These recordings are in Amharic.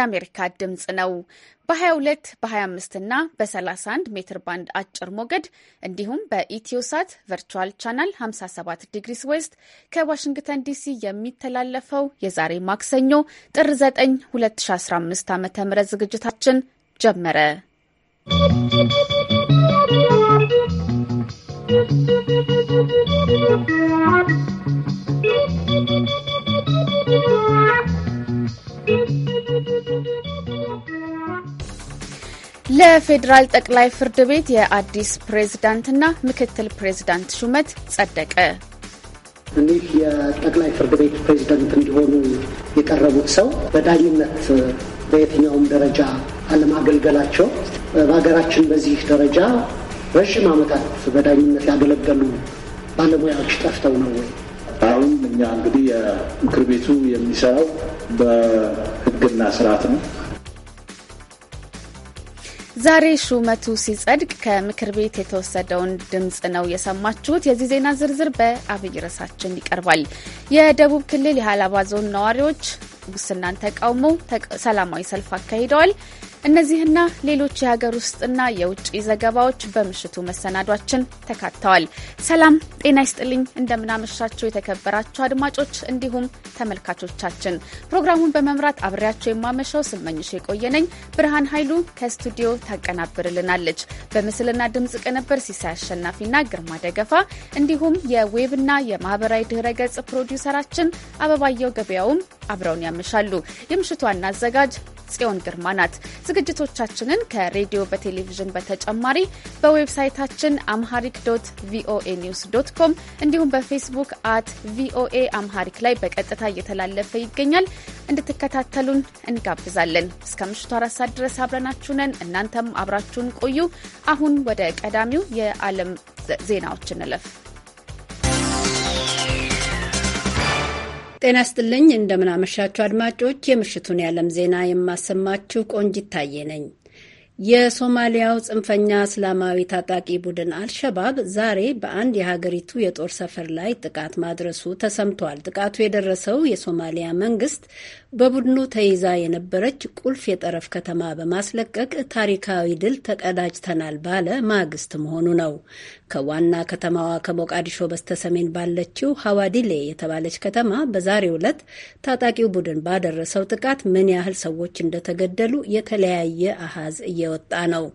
የአሜሪካ ድምፅ ነው። በ22 በ25 እና በ31 ሜትር ባንድ አጭር ሞገድ እንዲሁም በኢትዮሳት ቨርቹዋል ቻናል 57 ዲግሪስ ዌስት ከዋሽንግተን ዲሲ የሚተላለፈው የዛሬ ማክሰኞ ጥር 9 2015 ዓ ም ዝግጅታችን ጀመረ። ¶¶ ለፌዴራል ጠቅላይ ፍርድ ቤት የአዲስ ፕሬዝዳንትና ምክትል ፕሬዝዳንት ሹመት ጸደቀ። እኒህ የጠቅላይ ፍርድ ቤት ፕሬዝዳንት እንዲሆኑ የቀረቡት ሰው በዳኝነት በየትኛውም ደረጃ አለማገልገላቸው በሀገራችን በዚህ ደረጃ ረዥም ዓመታት በዳኝነት ያገለገሉ ባለሙያዎች ጠፍተው ነው ወይ? አሁን እኛ እንግዲህ የምክር ቤቱ የሚሰራው በሕግና ስርዓት ነው። ዛሬ ሹመቱ ሲጸድቅ ከምክር ቤት የተወሰደውን ድምፅ ነው የሰማችሁት። የዚህ ዜና ዝርዝር በአብይ ርዕሳችን ይቀርባል። የደቡብ ክልል የሀላባ ዞን ነዋሪዎች ሙስናን ተቃውሞ ሰላማዊ ሰልፍ አካሂደዋል። እነዚህና ሌሎች የሀገር ውስጥና የውጭ ዘገባዎች በምሽቱ መሰናዷችን ተካተዋል። ሰላም ጤና ይስጥልኝ። እንደምናመሻቸው የተከበራቸው አድማጮች እንዲሁም ተመልካቾቻችን ፕሮግራሙን በመምራት አብሬያቸው የማመሻው ስመኝሽ የቆየነኝ ብርሃን ኃይሉ ከስቱዲዮ ታቀናብርልናለች። በምስልና ድምፅ ቅንብር ሲሳይ አሸናፊና ግርማ ደገፋ እንዲሁም የዌብና የማህበራዊ ድህረ ገጽ ፕሮዲውሰራችን አበባየው ገበያውም አብረውን ያመሻሉ። የምሽቱ ዋና አዘጋጅ ጽዮን ግርማ ናት። ዝግጅቶቻችንን ከሬዲዮ በቴሌቪዥን በተጨማሪ በዌብሳይታችን አምሃሪክ ዶት ቪኦኤ ኒውስ ዶት ኮም እንዲሁም በፌስቡክ አት ቪኦኤ አምሃሪክ ላይ በቀጥታ እየተላለፈ ይገኛል። እንድትከታተሉን እንጋብዛለን። እስከ ምሽቱ አራት ሰዓት ድረስ አብረናችሁ ነን። እናንተም አብራችሁን ቆዩ። አሁን ወደ ቀዳሚው የዓለም ዜናዎች እንለፍ። ጤና ስጥልኝ፣ እንደምናመሻችሁ አድማጮች፣ የምሽቱን የዓለም ዜና የማሰማችሁ ቆንጅ ይታየ ነኝ። የሶማሊያው ጽንፈኛ እስላማዊ ታጣቂ ቡድን አልሸባብ ዛሬ በአንድ የሀገሪቱ የጦር ሰፈር ላይ ጥቃት ማድረሱ ተሰምቷል። ጥቃቱ የደረሰው የሶማሊያ መንግስት በቡድኑ ተይዛ የነበረች ቁልፍ የጠረፍ ከተማ በማስለቀቅ ታሪካዊ ድል ተቀዳጅተናል ባለ ማግስት መሆኑ ነው። ከዋና ከተማዋ ከሞቃዲሾ በስተሰሜን ባለችው ሀዋዲሌ የተባለች ከተማ በዛሬው ዕለት ታጣቂው ቡድን ባደረሰው ጥቃት ምን ያህል ሰዎች እንደተገደሉ የተለያየ አሃዝ እየወጣ ነው።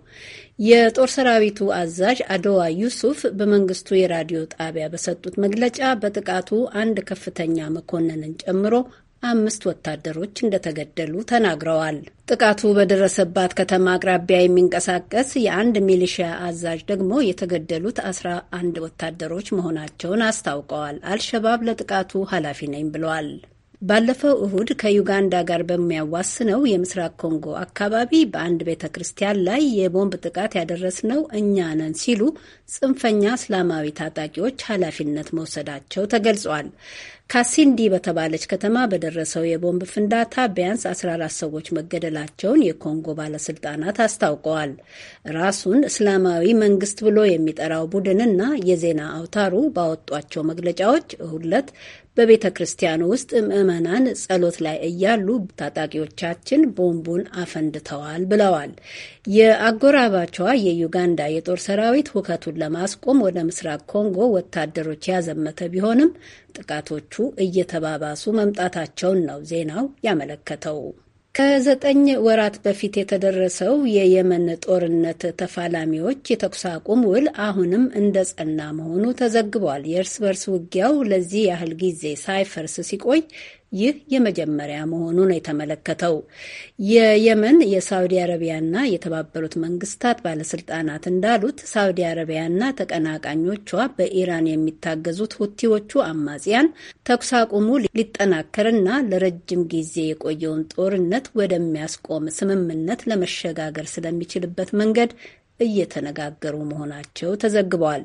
የጦር ሰራዊቱ አዛዥ አድዋ ዩሱፍ በመንግስቱ የራዲዮ ጣቢያ በሰጡት መግለጫ በጥቃቱ አንድ ከፍተኛ መኮንንን ጨምሮ አምስት ወታደሮች እንደተገደሉ ተናግረዋል። ጥቃቱ በደረሰባት ከተማ አቅራቢያ የሚንቀሳቀስ የአንድ ሚሊሺያ አዛዥ ደግሞ የተገደሉት አስራ አንድ ወታደሮች መሆናቸውን አስታውቀዋል። አልሸባብ ለጥቃቱ ኃላፊ ነኝ ብለዋል። ባለፈው እሁድ ከዩጋንዳ ጋር በሚያዋስነው የምስራቅ ኮንጎ አካባቢ በአንድ ቤተ ክርስቲያን ላይ የቦምብ ጥቃት ያደረስነው እኛ ነን ሲሉ ጽንፈኛ እስላማዊ ታጣቂዎች ኃላፊነት መውሰዳቸው ተገልጿል። ካሲንዲ በተባለች ከተማ በደረሰው የቦምብ ፍንዳታ ቢያንስ 14 ሰዎች መገደላቸውን የኮንጎ ባለስልጣናት አስታውቀዋል። ራሱን እስላማዊ መንግስት ብሎ የሚጠራው ቡድንና የዜና አውታሩ ባወጧቸው መግለጫዎች እሁለት በቤተ ክርስቲያኑ ውስጥ ምዕመናን ጸሎት ላይ እያሉ ታጣቂዎቻችን ቦምቡን አፈንድተዋል ብለዋል። የአጎራባቿ የዩጋንዳ የጦር ሰራዊት ሁከቱን ለማስቆም ወደ ምስራቅ ኮንጎ ወታደሮች ያዘመተ ቢሆንም ጥቃቶቹ እየተባባሱ መምጣታቸውን ነው ዜናው ያመለከተው። ከዘጠኝ ወራት በፊት የተደረሰው የየመን ጦርነት ተፋላሚዎች የተኩስ አቁም ውል አሁንም እንደ ጸና መሆኑ ተዘግቧል። የእርስ በርስ ውጊያው ለዚህ ያህል ጊዜ ሳይፈርስ ሲቆይ ይህ የመጀመሪያ መሆኑን የተመለከተው። የየመን የሳውዲ አረቢያና የተባበሩት መንግስታት ባለስልጣናት እንዳሉት ሳውዲ አረቢያና ተቀናቃኞቿ በኢራን የሚታገዙት ሁቲዎቹ አማጽያን ተኩስ አቁሙ ሊጠናከርና ለረጅም ጊዜ የቆየውን ጦርነት ወደሚያስቆም ስምምነት ለመሸጋገር ስለሚችልበት መንገድ እየተነጋገሩ መሆናቸው ተዘግበዋል።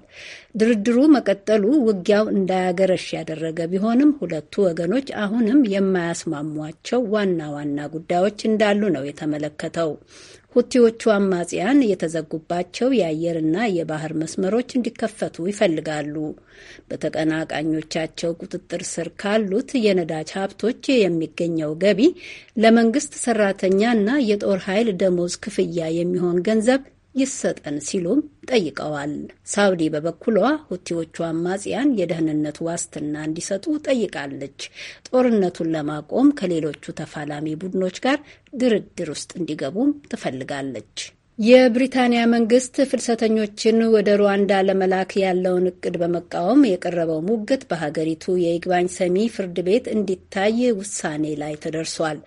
ድርድሩ መቀጠሉ ውጊያው እንዳያገረሽ ያደረገ ቢሆንም ሁለቱ ወገኖች አሁንም የማያስማሟቸው ዋና ዋና ጉዳዮች እንዳሉ ነው የተመለከተው። ሁቲዎቹ አማጽያን የተዘጉባቸው የአየርና የባህር መስመሮች እንዲከፈቱ ይፈልጋሉ። በተቀናቃኞቻቸው ቁጥጥር ስር ካሉት የነዳጅ ሀብቶች የሚገኘው ገቢ ለመንግስት ሰራተኛና የጦር ኃይል ደሞዝ ክፍያ የሚሆን ገንዘብ ይሰጠን ሲሉም ጠይቀዋል። ሳውዲ በበኩሏ ሁቲዎቹ አማጽያን የደህንነት ዋስትና እንዲሰጡ ጠይቃለች። ጦርነቱን ለማቆም ከሌሎቹ ተፋላሚ ቡድኖች ጋር ድርድር ውስጥ እንዲገቡም ትፈልጋለች። የብሪታንያ መንግስት ፍልሰተኞችን ወደ ሩዋንዳ ለመላክ ያለውን እቅድ በመቃወም የቀረበው ሙግት በሀገሪቱ የይግባኝ ሰሚ ፍርድ ቤት እንዲታይ ውሳኔ ላይ ተደርሷል።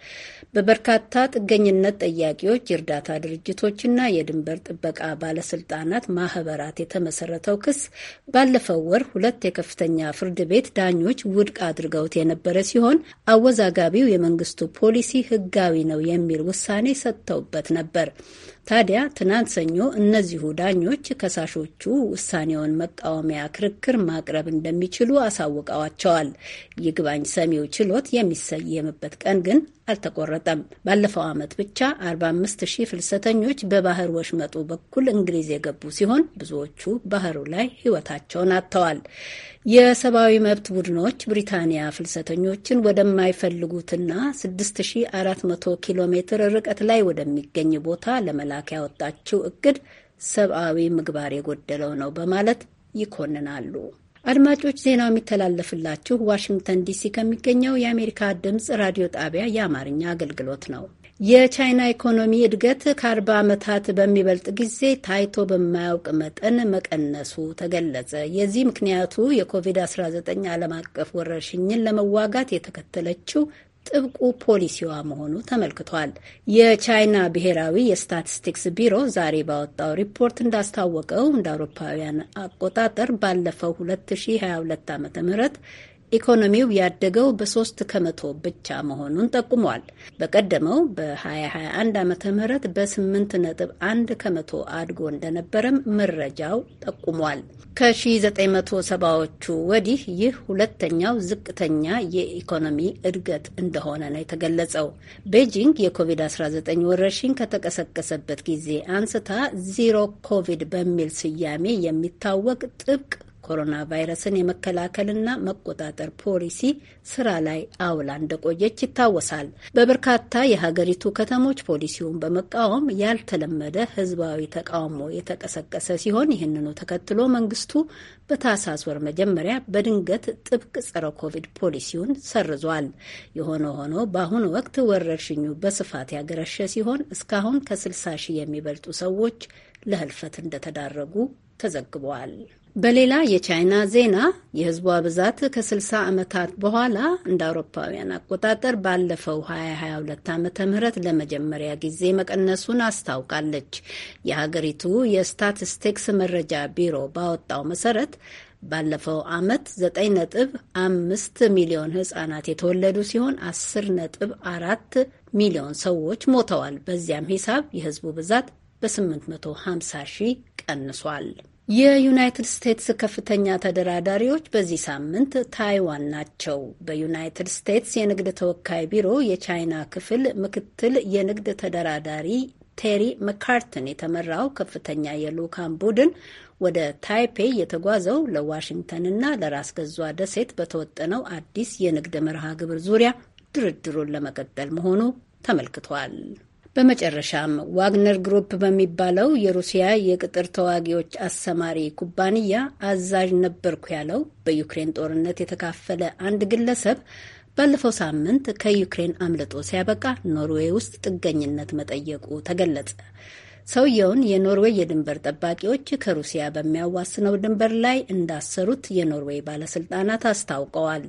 በበርካታ ጥገኝነት ጠያቂዎች የእርዳታ ድርጅቶችና የድንበር ጥበቃ ባለስልጣናት ማህበራት የተመሰረተው ክስ ባለፈው ወር ሁለት የከፍተኛ ፍርድ ቤት ዳኞች ውድቅ አድርገውት የነበረ ሲሆን አወዛጋቢው የመንግስቱ ፖሊሲ ህጋዊ ነው የሚል ውሳኔ ሰጥተውበት ነበር። ታዲያ ትናንት ሰኞ እነዚሁ ዳኞች ከሳሾቹ ውሳኔውን መቃወሚያ ክርክር ማቅረብ እንደሚችሉ አሳውቀዋቸዋል። ይግባኝ ሰሚው ችሎት የሚሰየምበት ቀን ግን አልተቆረጠም። ባለፈው ዓመት ብቻ 45 ሺህ ፍልሰተኞች በባህር ወሽመጡ በኩል እንግሊዝ የገቡ ሲሆን ብዙዎቹ ባህሩ ላይ ሕይወታቸውን አጥተዋል። የሰብአዊ መብት ቡድኖች ብሪታንያ ፍልሰተኞችን ወደማይፈልጉትና 6400 ኪሎ ሜትር ርቀት ላይ ወደሚገኝ ቦታ ለመላክ ያወጣችው እቅድ ሰብአዊ ምግባር የጎደለው ነው በማለት ይኮንናሉ። አድማጮች፣ ዜናው የሚተላለፍላችሁ ዋሽንግተን ዲሲ ከሚገኘው የአሜሪካ ድምፅ ራዲዮ ጣቢያ የአማርኛ አገልግሎት ነው። የቻይና ኢኮኖሚ እድገት ከ40 ዓመታት በሚበልጥ ጊዜ ታይቶ በማያውቅ መጠን መቀነሱ ተገለጸ። የዚህ ምክንያቱ የኮቪድ-19 ዓለም አቀፍ ወረርሽኝን ለመዋጋት የተከተለችው ጥብቁ ፖሊሲዋ መሆኑ ተመልክቷል። የቻይና ብሔራዊ የስታቲስቲክስ ቢሮ ዛሬ ባወጣው ሪፖርት እንዳስታወቀው እንደ አውሮፓውያን አቆጣጠር ባለፈው 2022 ዓ ም ኢኮኖሚው ያደገው በሶስት ከመቶ ብቻ መሆኑን ጠቁሟል። በቀደመው በ2021 ዓ ም በ8 ነጥብ 1 ከመቶ አድጎ እንደነበረም መረጃው ጠቁሟል። ከ1970ዎቹ ወዲህ ይህ ሁለተኛው ዝቅተኛ የኢኮኖሚ እድገት እንደሆነ ነው የተገለጸው። ቤጂንግ የኮቪድ-19 ወረርሽኝ ከተቀሰቀሰበት ጊዜ አንስታ ዚሮ ኮቪድ በሚል ስያሜ የሚታወቅ ጥብቅ ኮሮና ቫይረስን የመከላከልና መቆጣጠር ፖሊሲ ስራ ላይ አውላ እንደቆየች ይታወሳል። በበርካታ የሀገሪቱ ከተሞች ፖሊሲውን በመቃወም ያልተለመደ ህዝባዊ ተቃውሞ የተቀሰቀሰ ሲሆን ይህንኑ ተከትሎ መንግስቱ በታህሳስ ወር መጀመሪያ በድንገት ጥብቅ ጸረ ኮቪድ ፖሊሲውን ሰርዟል። የሆነ ሆኖ በአሁኑ ወቅት ወረርሽኙ በስፋት ያገረሸ ሲሆን እስካሁን ከ60 ሺህ የሚበልጡ ሰዎች ለህልፈት እንደተዳረጉ ተዘግበዋል። በሌላ የቻይና ዜና የህዝቧ ብዛት ከ60 ዓመታት በኋላ እንደ አውሮፓውያን አቆጣጠር ባለፈው 2022 ዓመተ ምህረት ለመጀመሪያ ጊዜ መቀነሱን አስታውቃለች። የሀገሪቱ የስታቲስቲክስ መረጃ ቢሮ ባወጣው መሰረት ባለፈው ዓመት 9 5 ሚሊዮን ህጻናት የተወለዱ ሲሆን 10.4 4 ሚሊዮን ሰዎች ሞተዋል። በዚያም ሂሳብ የህዝቡ ብዛት በ850 ሺህ ቀንሷል። የዩናይትድ ስቴትስ ከፍተኛ ተደራዳሪዎች በዚህ ሳምንት ታይዋን ናቸው። በዩናይትድ ስቴትስ የንግድ ተወካይ ቢሮ የቻይና ክፍል ምክትል የንግድ ተደራዳሪ ቴሪ መካርትን የተመራው ከፍተኛ የልዑካን ቡድን ወደ ታይፔ የተጓዘው ለዋሽንግተንና ለራስ ገዟ ደሴት በተወጠነው አዲስ የንግድ መርሃ ግብር ዙሪያ ድርድሩን ለመቀጠል መሆኑ ተመልክቷል። በመጨረሻም ዋግነር ግሩፕ በሚባለው የሩሲያ የቅጥር ተዋጊዎች አሰማሪ ኩባንያ አዛዥ ነበርኩ ያለው በዩክሬን ጦርነት የተካፈለ አንድ ግለሰብ ባለፈው ሳምንት ከዩክሬን አምልጦ ሲያበቃ ኖርዌይ ውስጥ ጥገኝነት መጠየቁ ተገለጸ። ሰውየውን የኖርዌይ የድንበር ጠባቂዎች ከሩሲያ በሚያዋስነው ድንበር ላይ እንዳሰሩት የኖርዌይ ባለስልጣናት አስታውቀዋል።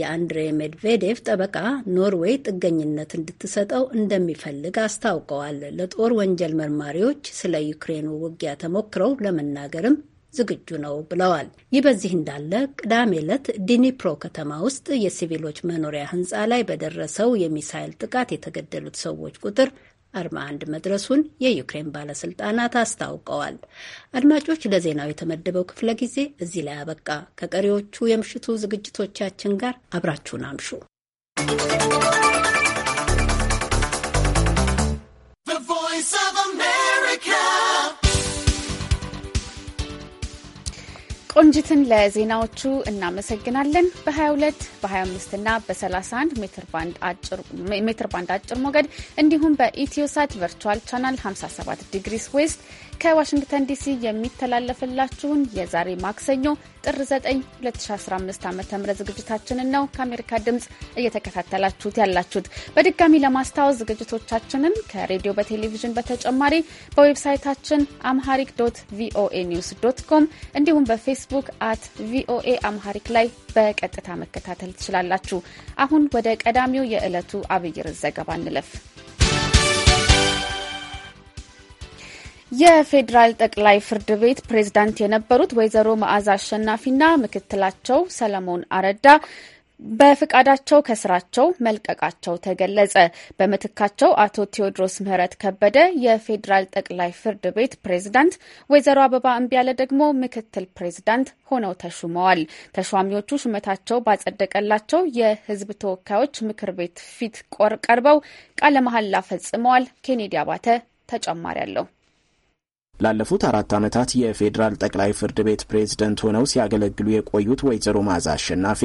የአንድሬ ሜድቬዴቭ ጠበቃ ኖርዌይ ጥገኝነት እንድትሰጠው እንደሚፈልግ አስታውቀዋል። ለጦር ወንጀል መርማሪዎች ስለ ዩክሬኑ ውጊያ ተሞክረው ለመናገርም ዝግጁ ነው ብለዋል። ይህ በዚህ እንዳለ ቅዳሜ ዕለት ዲኒፕሮ ከተማ ውስጥ የሲቪሎች መኖሪያ ሕንፃ ላይ በደረሰው የሚሳይል ጥቃት የተገደሉት ሰዎች ቁጥር 41 መድረሱን የዩክሬን ባለስልጣናት አስታውቀዋል። አድማጮች፣ ለዜናው የተመደበው ክፍለ ጊዜ እዚህ ላይ አበቃ። ከቀሪዎቹ የምሽቱ ዝግጅቶቻችን ጋር አብራችሁን አምሹ። ቆንጅትን ለዜናዎቹ እናመሰግናለን። በ22 በ25 እና በ31 ሜትር ባንድ አጭር ሞገድ እንዲሁም በኢትዮሳት ቨርቹዋል ቻናል 57 ዲግሪስ ዌስት ከዋሽንግተን ዲሲ የሚተላለፍላችሁን የዛሬ ማክሰኞ ጥር 9 2015 ዓ ም ዝግጅታችንን ነው ከአሜሪካ ድምፅ እየተከታተላችሁት ያላችሁት። በድጋሚ ለማስታወስ ዝግጅቶቻችንን ከሬዲዮ በቴሌቪዥን በተጨማሪ በዌብሳይታችን አምሃሪክ ዶት ቪኦኤ ኒውስ ዶት ኮም እንዲሁም በፌስቡክ አት ቪኦኤ አምሃሪክ ላይ በቀጥታ መከታተል ትችላላችሁ። አሁን ወደ ቀዳሚው የዕለቱ አብይር ዘገባ እንለፍ። የፌዴራል ጠቅላይ ፍርድ ቤት ፕሬዝዳንት የነበሩት ወይዘሮ መዓዛ አሸናፊና ምክትላቸው ሰለሞን አረዳ በፍቃዳቸው ከስራቸው መልቀቃቸው ተገለጸ። በምትካቸው አቶ ቴዎድሮስ ምህረት ከበደ የፌዴራል ጠቅላይ ፍርድ ቤት ፕሬዝዳንት፣ ወይዘሮ አበባ እምቢያለ ደግሞ ምክትል ፕሬዝዳንት ሆነው ተሹመዋል። ተሿሚዎቹ ሹመታቸው ባጸደቀላቸው የህዝብ ተወካዮች ምክር ቤት ፊት ቀርበው ቃለ መሐላ ፈጽመዋል። ኬኔዲ አባተ ተጨማሪ አለው። ላለፉት አራት ዓመታት የፌዴራል ጠቅላይ ፍርድ ቤት ፕሬዝደንት ሆነው ሲያገለግሉ የቆዩት ወይዘሮ ማዛ አሸናፊ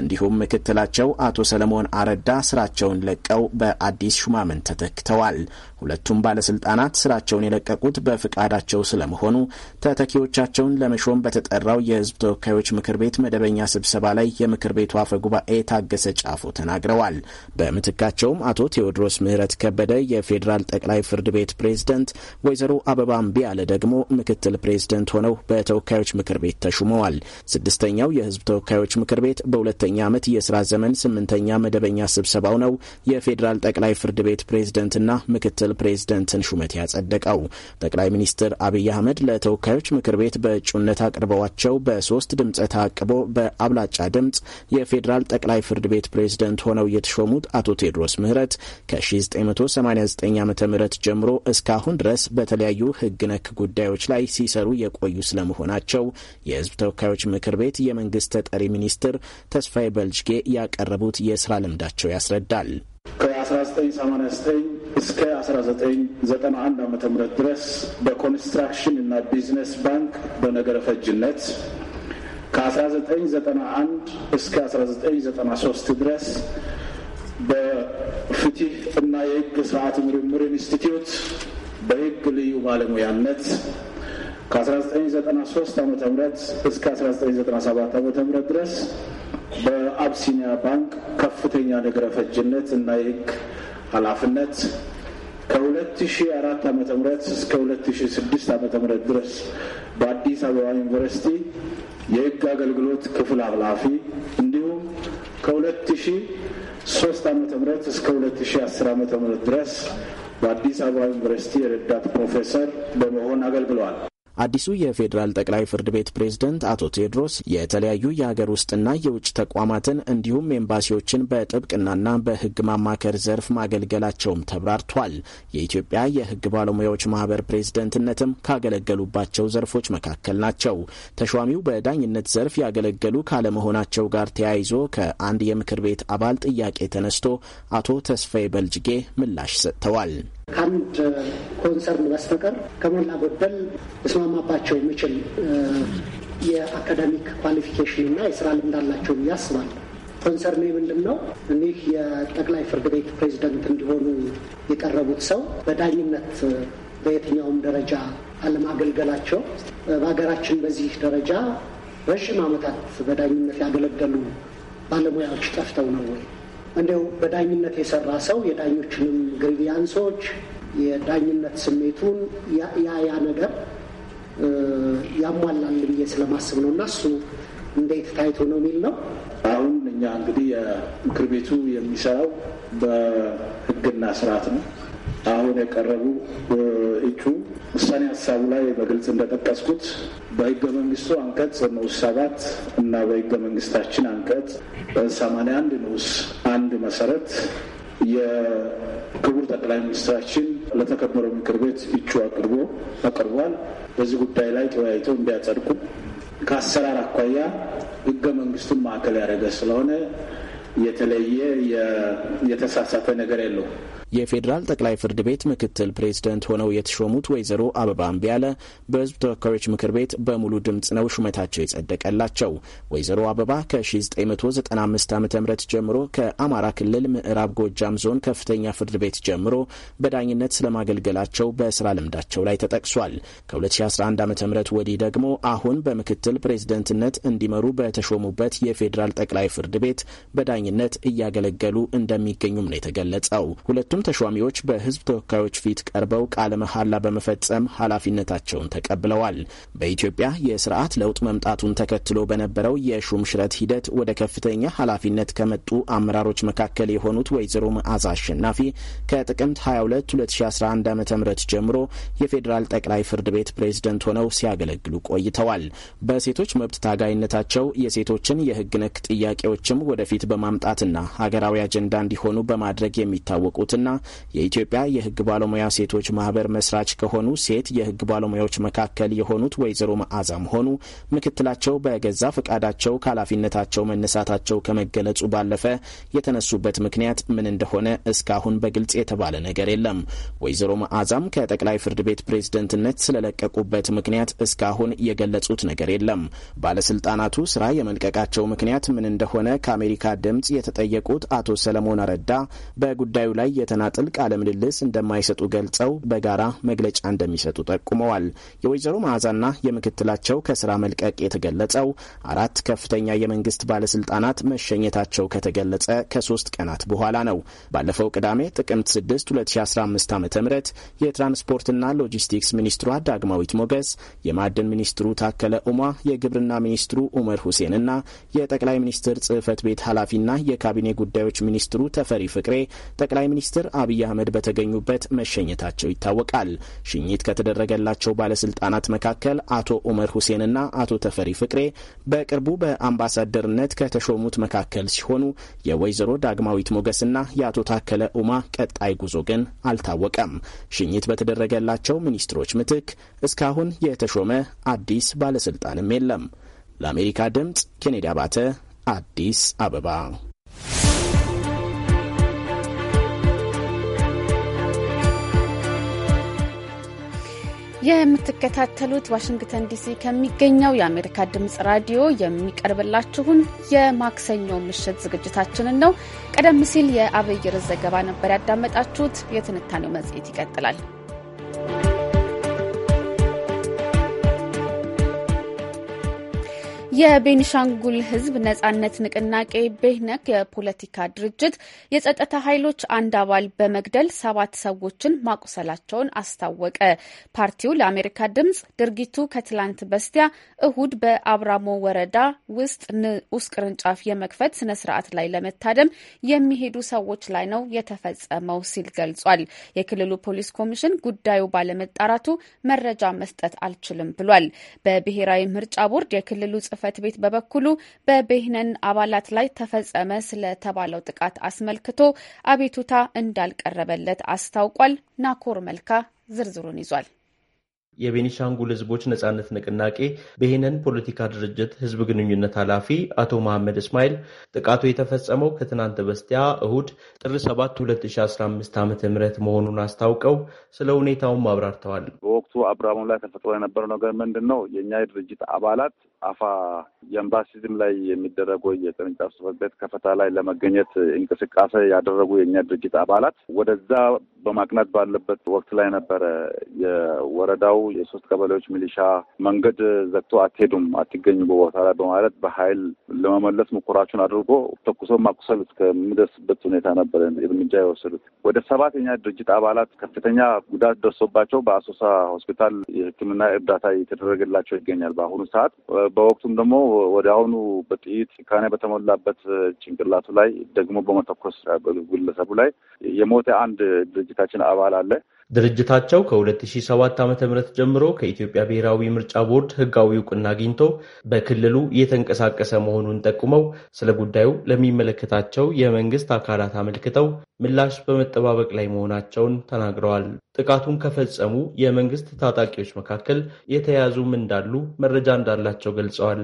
እንዲሁም ምክትላቸው አቶ ሰለሞን አረዳ ስራቸውን ለቀው በአዲስ ሹማምን ተተክተዋል። ሁለቱም ባለስልጣናት ስራቸውን የለቀቁት በፍቃዳቸው ስለመሆኑ ተተኪዎቻቸውን ለመሾም በተጠራው የሕዝብ ተወካዮች ምክር ቤት መደበኛ ስብሰባ ላይ የምክር ቤቱ አፈ ጉባኤ ታገሰ ጫፎ ተናግረዋል። በምትካቸውም አቶ ቴዎድሮስ ምህረት ከበደ የፌዴራል ጠቅላይ ፍርድ ቤት ፕሬዝደንት፣ ወይዘሮ አበባ እምቢያለ በቀለ ደግሞ ምክትል ፕሬዝደንት ሆነው በተወካዮች ምክር ቤት ተሹመዋል። ስድስተኛው የህዝብ ተወካዮች ምክር ቤት በሁለተኛ ዓመት የስራ ዘመን ስምንተኛ መደበኛ ስብሰባው ነው የፌዴራል ጠቅላይ ፍርድ ቤት ፕሬዝደንትና ምክትል ፕሬዝደንትን ሹመት ያጸደቀው። ጠቅላይ ሚኒስትር አብይ አህመድ ለተወካዮች ምክር ቤት በእጩነት አቅርበዋቸው በሶስት ድምፀ ተአቅቦ በአብላጫ ድምፅ የፌዴራል ጠቅላይ ፍርድ ቤት ፕሬዝደንት ሆነው የተሾሙት አቶ ቴዎድሮስ ምህረት ከ1989 ዓ ም ጀምሮ እስካሁን ድረስ በተለያዩ ህግ ነክ ጉዳዮች ላይ ሲሰሩ የቆዩ ስለመሆናቸው የህዝብ ተወካዮች ምክር ቤት የመንግስት ተጠሪ ሚኒስትር ተስፋዬ በልጅጌ ያቀረቡት የስራ ልምዳቸው ያስረዳል። ከ1989 እስከ 1991 ዓ ም ድረስ በኮንስትራክሽን እና ቢዝነስ ባንክ በነገረ ፈጅነት ከ1991 እስከ 1993 ድረስ በፍትህ እና የህግ ስርዓት ምርምር ኢንስቲትዩት በህግ ልዩ ባለሙያነት ከ1993 ዓ ም እስከ 1997 ዓ ም ድረስ በአብሲኒያ ባንክ ከፍተኛ ንግረ ፈጅነት እና የህግ ኃላፊነት ከ2004 ዓ ም እስከ 2006 ዓ ም ድረስ በአዲስ አበባ ዩኒቨርሲቲ የህግ አገልግሎት ክፍል ኃላፊ እንዲሁም ከ2003 ዓ ም እስከ 2010 ዓ ም ድረስ በአዲስ አበባ ዩኒቨርሲቲ የረዳት ፕሮፌሰር በመሆን አገልግለዋል። አዲሱ የፌዴራል ጠቅላይ ፍርድ ቤት ፕሬዝደንት አቶ ቴዎድሮስ የተለያዩ የሀገር ውስጥና የውጭ ተቋማትን እንዲሁም ኤምባሲዎችን በጥብቅናና በህግ ማማከር ዘርፍ ማገልገላቸውም ተብራርቷል። የኢትዮጵያ የህግ ባለሙያዎች ማህበር ፕሬዝደንትነትም ካገለገሉባቸው ዘርፎች መካከል ናቸው። ተሿሚው በዳኝነት ዘርፍ ያገለገሉ ካለመሆናቸው ጋር ተያይዞ ከአንድ የምክር ቤት አባል ጥያቄ ተነስቶ አቶ ተስፋዬ በልጅጌ ምላሽ ሰጥተዋል። ከአንድ ኮንሰርን በስተቀር ከሞላ ጎደል እስማማባቸው የምችል የአካዳሚክ ኳሊፊኬሽን እና የስራ ልምድ አላቸው ብዬ አስባለሁ። ኮንሰርን ምንድን ነው? እኒህ የጠቅላይ ፍርድ ቤት ፕሬዚደንት እንዲሆኑ የቀረቡት ሰው በዳኝነት በየትኛውም ደረጃ አለማገልገላቸው በሀገራችን በዚህ ደረጃ ረዥም ዓመታት በዳኝነት ያገለገሉ ባለሙያዎች ጠፍተው ነው ወይ እንዲያው በዳኝነት የሰራ ሰው የዳኞችንም ግሪቪያንሶች የዳኝነት ስሜቱን ያ ያ ነገር ያሟላል ብዬ ስለማስብ ነው እና እሱ እንዴት ታይቶ ነው የሚል ነው። አሁን እኛ እንግዲህ የምክር ቤቱ የሚሰራው በሕግና ስርዓት ነው። አሁን የቀረቡ እጩ ውሳኔ ሀሳቡ ላይ በግልጽ እንደጠቀስኩት በህገ መንግስቱ አንቀጽ ንዑስ ሰባት እና በህገ መንግስታችን አንቀጽ ሰማንያ አንድ ንዑስ አንድ መሰረት የክቡር ጠቅላይ ሚኒስትራችን ለተከበረው ምክር ቤት እጩ አቅርቦ አቅርቧል። በዚህ ጉዳይ ላይ ተወያይተው እንዲያጸድቁ ከአሰራር አኳያ ህገ መንግስቱን ማዕከል ያደረገ ስለሆነ የተለየ የተሳሳተ ነገር የለው የፌዴራል ጠቅላይ ፍርድ ቤት ምክትል ፕሬዝደንት ሆነው የተሾሙት ወይዘሮ አበባ አምቢያለ በህዝብ ተወካዮች ምክር ቤት በሙሉ ድምፅ ነው ሹመታቸው የጸደቀላቸው። ወይዘሮ አበባ ከ1995 ዓ ም ጀምሮ ከአማራ ክልል ምዕራብ ጎጃም ዞን ከፍተኛ ፍርድ ቤት ጀምሮ በዳኝነት ስለማገልገላቸው በስራ ልምዳቸው ላይ ተጠቅሷል። ከ2011 ዓ ም ወዲህ ደግሞ አሁን በምክትል ፕሬዝደንትነት እንዲመሩ በተሾሙበት የፌዴራል ጠቅላይ ፍርድ ቤት በዳኝ አማካኝነት እያገለገሉ እንደሚገኙም ነው የተገለጸው። ሁለቱም ተሿሚዎች በህዝብ ተወካዮች ፊት ቀርበው ቃለ መሐላ በመፈጸም ኃላፊነታቸውን ተቀብለዋል። በኢትዮጵያ የስርዓት ለውጥ መምጣቱን ተከትሎ በነበረው የሹም ሽረት ሂደት ወደ ከፍተኛ ኃላፊነት ከመጡ አመራሮች መካከል የሆኑት ወይዘሮ መዓዛ አሸናፊ ከጥቅምት 22 2011 ዓ ም ጀምሮ የፌዴራል ጠቅላይ ፍርድ ቤት ፕሬዝደንት ሆነው ሲያገለግሉ ቆይተዋል። በሴቶች መብት ታጋይነታቸው የሴቶችን የህግ ነክ ጥያቄዎችም ወደፊት በማ በማምጣትና ሀገራዊ አጀንዳ እንዲሆኑ በማድረግ የሚታወቁትና የኢትዮጵያ የህግ ባለሙያ ሴቶች ማህበር መስራች ከሆኑ ሴት የህግ ባለሙያዎች መካከል የሆኑት ወይዘሮ መዓዛም ሆኑ ምክትላቸው በገዛ ፈቃዳቸው ከኃላፊነታቸው መነሳታቸው ከመገለጹ ባለፈ የተነሱበት ምክንያት ምን እንደሆነ እስካሁን በግልጽ የተባለ ነገር የለም። ወይዘሮ መዓዛም ከጠቅላይ ፍርድ ቤት ፕሬዝደንትነት ስለለቀቁበት ምክንያት እስካሁን የገለጹት ነገር የለም። ባለስልጣናቱ ስራ የመልቀቃቸው ምክንያት ምን እንደሆነ ከአሜሪካ ድምፅ ድምፅ የተጠየቁት አቶ ሰለሞን አረዳ በጉዳዩ ላይ የተናጥል ቃለ ምልልስ እንደማይሰጡ ገልጸው በጋራ መግለጫ እንደሚሰጡ ጠቁመዋል። የወይዘሮ መዓዛና የምክትላቸው ከስራ መልቀቅ የተገለጸው አራት ከፍተኛ የመንግስት ባለስልጣናት መሸኘታቸው ከተገለጸ ከሶስት ቀናት በኋላ ነው። ባለፈው ቅዳሜ ጥቅምት 6 2015 ዓ ም የትራንስፖርትና ሎጂስቲክስ ሚኒስትሯ ዳግማዊት ሞገስ፣ የማዕድን ሚኒስትሩ ታከለ ኡማ፣ የግብርና ሚኒስትሩ ኡመር ሁሴንና የጠቅላይ ሚኒስትር ጽህፈት ቤት ኃላፊና ና የካቢኔ ጉዳዮች ሚኒስትሩ ተፈሪ ፍቅሬ ጠቅላይ ሚኒስትር አብይ አህመድ በተገኙበት መሸኘታቸው ይታወቃል። ሽኝት ከተደረገላቸው ባለስልጣናት መካከል አቶ ኡመር ና አቶ ተፈሪ ፍቅሬ በቅርቡ በአምባሳደርነት ከተሾሙት መካከል ሲሆኑ የወይዘሮ ዳግማዊት ሞገስና የአቶ ታከለ ኡማ ቀጣይ ጉዞ ግን አልታወቀም። ሽኝት በተደረገላቸው ሚኒስትሮች ምትክ እስካሁን የተሾመ አዲስ ባለስልጣንም የለም። ለአሜሪካ ድምጽ ኬኔዲ አባተ አዲስ አበባ። የምትከታተሉት ዋሽንግተን ዲሲ ከሚገኘው የአሜሪካ ድምጽ ራዲዮ የሚቀርብላችሁን የማክሰኞ ምሽት ዝግጅታችንን ነው። ቀደም ሲል የአብይር ዘገባ ነበር ያዳመጣችሁት። የትንታኔው መጽሔት ይቀጥላል። የቤኒሻንጉል ሕዝብ ነጻነት ንቅናቄ ቤህነክ የፖለቲካ ድርጅት የጸጥታ ኃይሎች አንድ አባል በመግደል ሰባት ሰዎችን ማቁሰላቸውን አስታወቀ። ፓርቲው ለአሜሪካ ድምጽ ድርጊቱ ከትላንት በስቲያ እሁድ በአብራሞ ወረዳ ውስጥ ንዑስ ቅርንጫፍ የመክፈት ስነ ስርዓት ላይ ለመታደም የሚሄዱ ሰዎች ላይ ነው የተፈጸመው ሲል ገልጿል። የክልሉ ፖሊስ ኮሚሽን ጉዳዩ ባለመጣራቱ መረጃ መስጠት አልችልም ብሏል። በብሔራዊ ምርጫ ቦርድ የክልሉ ጽፈ ጽህፈት ቤት በበኩሉ በቤህነን አባላት ላይ ተፈጸመ ስለተባለው ጥቃት አስመልክቶ አቤቱታ እንዳልቀረበለት አስታውቋል። ናኮር መልካ ዝርዝሩን ይዟል። የቤኒሻንጉል ህዝቦች ነጻነት ንቅናቄ በሄነን ፖለቲካ ድርጅት ህዝብ ግንኙነት ኃላፊ አቶ መሐመድ እስማኤል ጥቃቱ የተፈጸመው ከትናንት በስቲያ እሁድ ጥር 7 2015 ዓ ም መሆኑን አስታውቀው ስለ ሁኔታውም አብራርተዋል። በወቅቱ አብራሙ ላይ ተፈጥሮ የነበረው ነገር ምንድን ነው? የእኛ የድርጅት አባላት አፋ የኤምባሲዝም ላይ የሚደረገው የቅርንጫፍ ጽሕፈት ቤት ከፈታ ላይ ለመገኘት እንቅስቃሴ ያደረጉ የእኛ ድርጅት አባላት ወደዛ በማቅናት ባለበት ወቅት ላይ ነበረ የወረዳው የሶስት ቀበሌዎች ሚሊሻ መንገድ ዘግቶ አትሄዱም፣ አትገኙ በቦታ ላይ በማለት በኃይል ለመመለስ ሙከራቸውን አድርጎ ተኩሶ ማቁሰል እስከሚደርስበት ሁኔታ ነበረ እርምጃ የወሰዱት። ወደ ሰባት የኛ ድርጅት አባላት ከፍተኛ ጉዳት ደርሶባቸው በአሶሳ ሆስፒታል የሕክምና እርዳታ እየተደረገላቸው ይገኛል በአሁኑ ሰዓት በወቅቱም ደግሞ ወደ አሁኑ በጥይት ጭካኔ በተሞላበት ጭንቅላቱ ላይ ደግሞ በመተኮስ ግለሰቡ ላይ የሞተ አንድ ድርጅታችን አባል አለ። ድርጅታቸው ከ2007 ዓ.ም ጀምሮ ከኢትዮጵያ ብሔራዊ ምርጫ ቦርድ ህጋዊ እውቅና አግኝቶ በክልሉ እየተንቀሳቀሰ መሆኑን ጠቁመው ስለ ጉዳዩ ለሚመለከታቸው የመንግስት አካላት አመልክተው ምላሽ በመጠባበቅ ላይ መሆናቸውን ተናግረዋል። ጥቃቱን ከፈጸሙ የመንግስት ታጣቂዎች መካከል የተያዙም እንዳሉ መረጃ እንዳላቸው ገልጸዋል።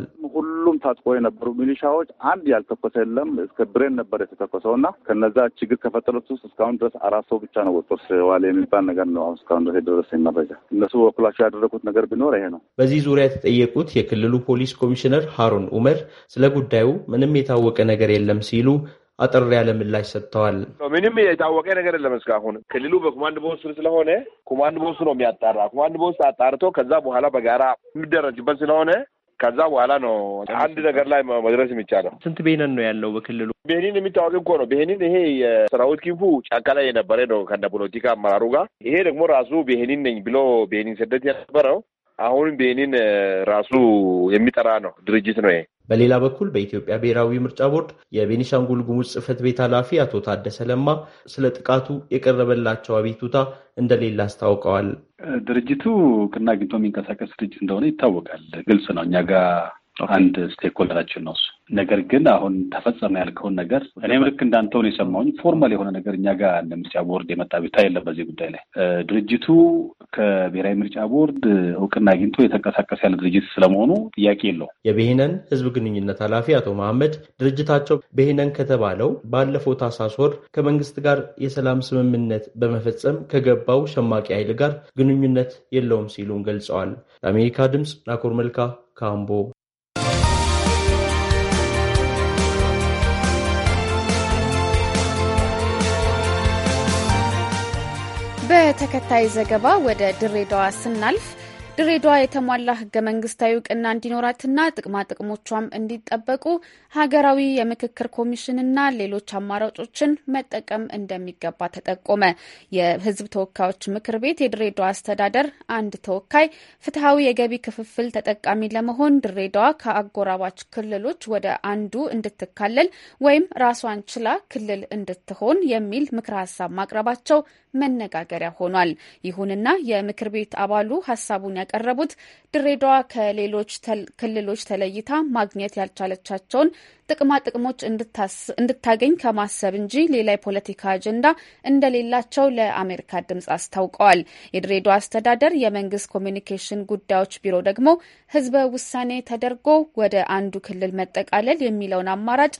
ታጥቆ የነበሩ ሚሊሻዎች አንድ ያልተኮሰ የለም። እስከ ብሬን ነበር የተተኮሰው እና ከነዛ ችግር ከፈጠሩት ውስጥ እስካሁን ድረስ አራት ሰው ብቻ ነው ወጥቶ ዋለ የሚባል ነገር ነው። አሁን እስካሁን ድረስ የደረሰኝ መረጃ እነሱ በኩላቸው ያደረጉት ነገር ቢኖር ይሄ ነው። በዚህ ዙሪያ የተጠየቁት የክልሉ ፖሊስ ኮሚሽነር ሀሩን ኡመር ስለ ጉዳዩ ምንም የታወቀ ነገር የለም ሲሉ አጠር ያለ ምላሽ ሰጥተዋል። ምንም የታወቀ ነገር የለም እስካሁን። ክልሉ በኮማንድ ቦስ ስለሆነ ኮማንድ ቦስ ነው የሚያጣራ። ኮማንድ ቦስ አጣርቶ ከዛ በኋላ በጋራ የሚደረጅበት ስለሆነ ከዛ በኋላ ነው አንድ ነገር ላይ መድረስ የሚቻለው። ስንት ቤነን ነው ያለው በክልሉ? ቤኒን የሚታወቅ እኮ ነው። ቤኒን ይሄ የሰራዊት ክንፉ ጫካ ላይ የነበረ ነው ከነ ፖለቲካ አመራሩ ጋር። ይሄ ደግሞ ራሱ ቤኒን ነኝ ብሎ ቤኒን ስደት የነበረው አሁንም ቤኒን ራሱ የሚጠራ ነው ድርጅት ነው ይሄ በሌላ በኩል በኢትዮጵያ ብሔራዊ ምርጫ ቦርድ የቤኒሻንጉል ጉሙዝ ጽህፈት ቤት ኃላፊ አቶ ታደሰ ለማ ስለ ጥቃቱ የቀረበላቸው አቤቱታ እንደሌለ አስታውቀዋል። ድርጅቱ እውቅና አግኝቶ የሚንቀሳቀስ ድርጅት እንደሆነ ይታወቃል። ግልጽ ነው። እኛ ጋር አንድ ስቴክሆልደራችን ነው እሱ። ነገር ግን አሁን ተፈጸመ ያልከውን ነገር እኔም ልክ እንዳንተውን የሰማውኝ ፎርማል የሆነ ነገር እኛ ጋር እንደ ምርጫ ቦርድ የመጣ ቤታ የለም። በዚህ ጉዳይ ላይ ድርጅቱ ከብሔራዊ ምርጫ ቦርድ እውቅና አግኝቶ የተንቀሳቀሰ ያለ ድርጅት ስለመሆኑ ጥያቄ የለው። የብሄነን ህዝብ ግንኙነት ኃላፊ አቶ መሐመድ ድርጅታቸው ብሄነን ከተባለው ባለፈው ታህሳስ ወር ከመንግስት ጋር የሰላም ስምምነት በመፈጸም ከገባው ሸማቂ ኃይል ጋር ግንኙነት የለውም ሲሉም ገልጸዋል። ለአሜሪካ ድምፅ ናኮር መልካ ካምቦ በተከታይ ዘገባ ወደ ድሬዳዋ ስናልፍ ድሬዳዋ የተሟላ ህገ መንግስታዊ እውቅና እንዲኖራትና ጥቅማ ጥቅሞቿም እንዲጠበቁ ሀገራዊ የምክክር ኮሚሽንና ሌሎች አማራጮችን መጠቀም እንደሚገባ ተጠቆመ። የህዝብ ተወካዮች ምክር ቤት የድሬዳዋ አስተዳደር አንድ ተወካይ ፍትሐዊ የገቢ ክፍፍል ተጠቃሚ ለመሆን ድሬዳዋ ከአጎራባች ክልሎች ወደ አንዱ እንድትካለል ወይም ራሷን ችላ ክልል እንድትሆን የሚል ምክረ ሀሳብ ማቅረባቸው መነጋገሪያ ሆኗል። ይሁንና የምክር ቤት አባሉ ሀሳቡን ያቀረቡት ድሬዳዋ ከሌሎች ክልሎች ተለይታ ማግኘት ያልቻለቻቸውን ጥቅማ ጥቅሞች እንድታገኝ ከማሰብ እንጂ ሌላ የፖለቲካ አጀንዳ እንደሌላቸው ለአሜሪካ ድምጽ አስታውቀዋል። የድሬዳዋ አስተዳደር የመንግስት ኮሚኒኬሽን ጉዳዮች ቢሮ ደግሞ ህዝበ ውሳኔ ተደርጎ ወደ አንዱ ክልል መጠቃለል የሚለውን አማራጭ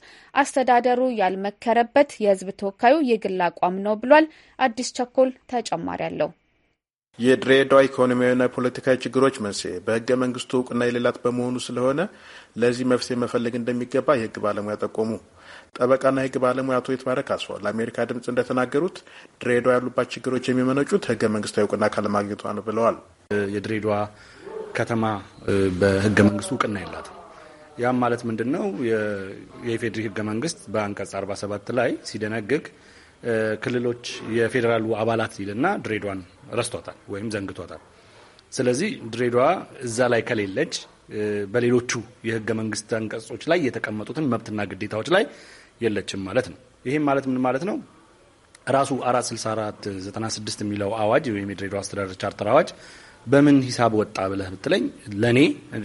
አስተዳደሩ ያልመከረበት የህዝብ ተወካዩ የግል አቋም ነው ብሏል። አዲስ ቸኮል ተጨማሪ አለው። የድሬዳዋ ኢኮኖሚያዊና ፖለቲካዊ ችግሮች መንስኤ በህገ መንግስቱ እውቅና የሌላት በመሆኑ ስለሆነ ለዚህ መፍትሄ መፈለግ እንደሚገባ የህግ ባለሙያ ጠቆሙ። ጠበቃና የህግ ባለሙያ አቶ ይትባረክ አስዋ ለአሜሪካ ድምፅ እንደተናገሩት ድሬዳዋ ያሉባት ችግሮች የሚመነጩት ህገ መንግስታዊ እውቅና ካለማግኘቷ ነው ብለዋል። የድሬዳዋ ከተማ በህገ መንግስቱ እውቅና የላት። ያም ማለት ምንድን ነው? የኢፌዴሪ ህገ መንግስት በአንቀጽ 47 ላይ ሲደነግግ ክልሎች የፌዴራሉ አባላት ይልና ድሬዷን ረስቷታል ወይም ዘንግቷታል። ስለዚህ ድሬዷ እዛ ላይ ከሌለች በሌሎቹ የህገ መንግስት አንቀጾች ላይ የተቀመጡትን መብትና ግዴታዎች ላይ የለችም ማለት ነው። ይህም ማለት ምን ማለት ነው? ራሱ አራት ስልሳ አራት የሚለው አዋጅ ወይም የድሬዳዋ አስተዳደር ቻርተር አዋጅ በምን ሂሳብ ወጣ ብለህ ብትለኝ ለእኔ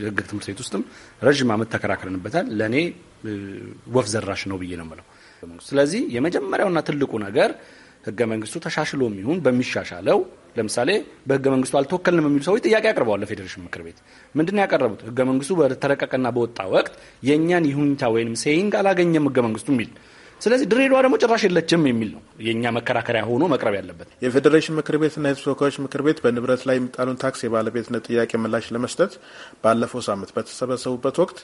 ህግ ትምህርት ቤት ውስጥም ረዥም አመት ተከራክረንበታል። ለእኔ ወፍ ዘራሽ ነው ብዬ ነው ምለው ስለዚህ የመጀመሪያውና ትልቁ ነገር ህገ መንግስቱ ተሻሽሎ የሚሆን በሚሻሻለው ለምሳሌ በህገ መንግስቱ አልተወከልንም የሚሉ ሰዎች ጥያቄ አቅርበዋል ለፌዴሬሽን ምክር ቤት። ምንድን ነው ያቀረቡት? ህገ መንግስቱ በተረቀቀና በወጣ ወቅት የእኛን ይሁንታ ወይም ሴይንግ አላገኘም ህገ መንግስቱ የሚል ስለዚህ ድሬዳዋ ደግሞ ጭራሽ የለችም የሚል ነው የእኛ መከራከሪያ ሆኖ መቅረብ ያለበት። የፌዴሬሽን ምክር ቤትና የህዝብ ተወካዮች ምክር ቤት በንብረት ላይ የሚጣሉን ታክስ የባለቤትነት ጥያቄ ምላሽ ለመስጠት ባለፈው ሳምንት በተሰበሰቡበት ወቅት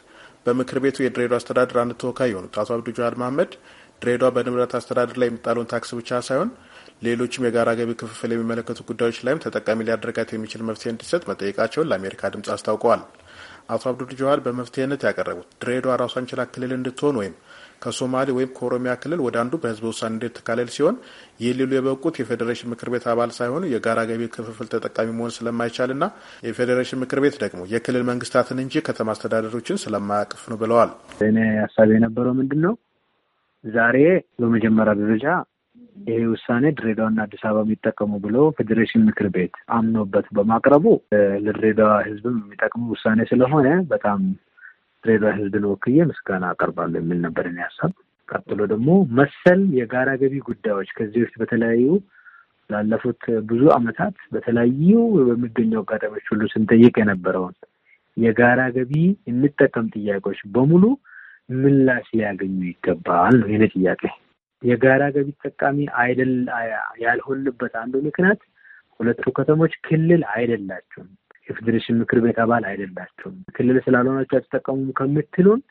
በምክር ቤቱ የድሬዳዋ አስተዳደር አንድ ተወካይ የሆኑት አቶ አብዱ ጃዋድ መሀመድ ድሬዳዋ በንብረት አስተዳደር ላይ የሚጣለውን ታክስ ብቻ ሳይሆን ሌሎችም የጋራ ገቢ ክፍፍል የሚመለከቱ ጉዳዮች ላይም ተጠቃሚ ሊያደርጋት የሚችል መፍትሄ እንዲሰጥ መጠየቃቸውን ለአሜሪካ ድምጽ አስታውቀዋል። አቶ አብዱል ጀዋል በመፍትሄነት ያቀረቡት ድሬዳዋ ራሷን ችላ ክልል እንድትሆን ወይም ከሶማሌ ወይም ከኦሮሚያ ክልል ወደ አንዱ በህዝበ ውሳኔ እንድትካለል ሲሆን ይህ ሊሉ የበቁት የፌዴሬሽን ምክር ቤት አባል ሳይሆኑ የጋራ ገቢ ክፍፍል ተጠቃሚ መሆን ስለማይቻልና የፌዴሬሽን ምክር ቤት ደግሞ የክልል መንግስታትን እንጂ ከተማ አስተዳደሮችን ስለማያቅፍ ነው ብለዋል። እኔ ሀሳብ የነበረው ምንድን ነው ዛሬ በመጀመሪያ ደረጃ ይሄ ውሳኔ ድሬዳዋና አዲስ አበባ የሚጠቀሙ ብሎ ፌዴሬሽን ምክር ቤት አምኖበት በማቅረቡ ለድሬዳዋ ሕዝብም የሚጠቅሙ ውሳኔ ስለሆነ በጣም ድሬዳዋ ሕዝብን ወክዬ ምስጋና አቀርባለሁ የሚል ነበር እኔ ሀሳብ። ቀጥሎ ደግሞ መሰል የጋራ ገቢ ጉዳዮች ከዚህ በፊት በተለያዩ ላለፉት ብዙ ዓመታት በተለያዩ በሚገኙ አጋጣሚዎች ሁሉ ስንጠይቅ የነበረውን የጋራ ገቢ የሚጠቀም ጥያቄዎች በሙሉ ምላሽ ሊያገኙ ይገባል ነው የኔ ጥያቄ። የጋራ ገቢ ተጠቃሚ አይደል ያልሆንበት አንዱ ምክንያት ሁለቱ ከተሞች ክልል አይደላቸውም፣ የፌዴሬሽን ምክር ቤት አባል አይደላቸውም። ክልል ስላልሆናቸው አትጠቀሙም ከምትሉን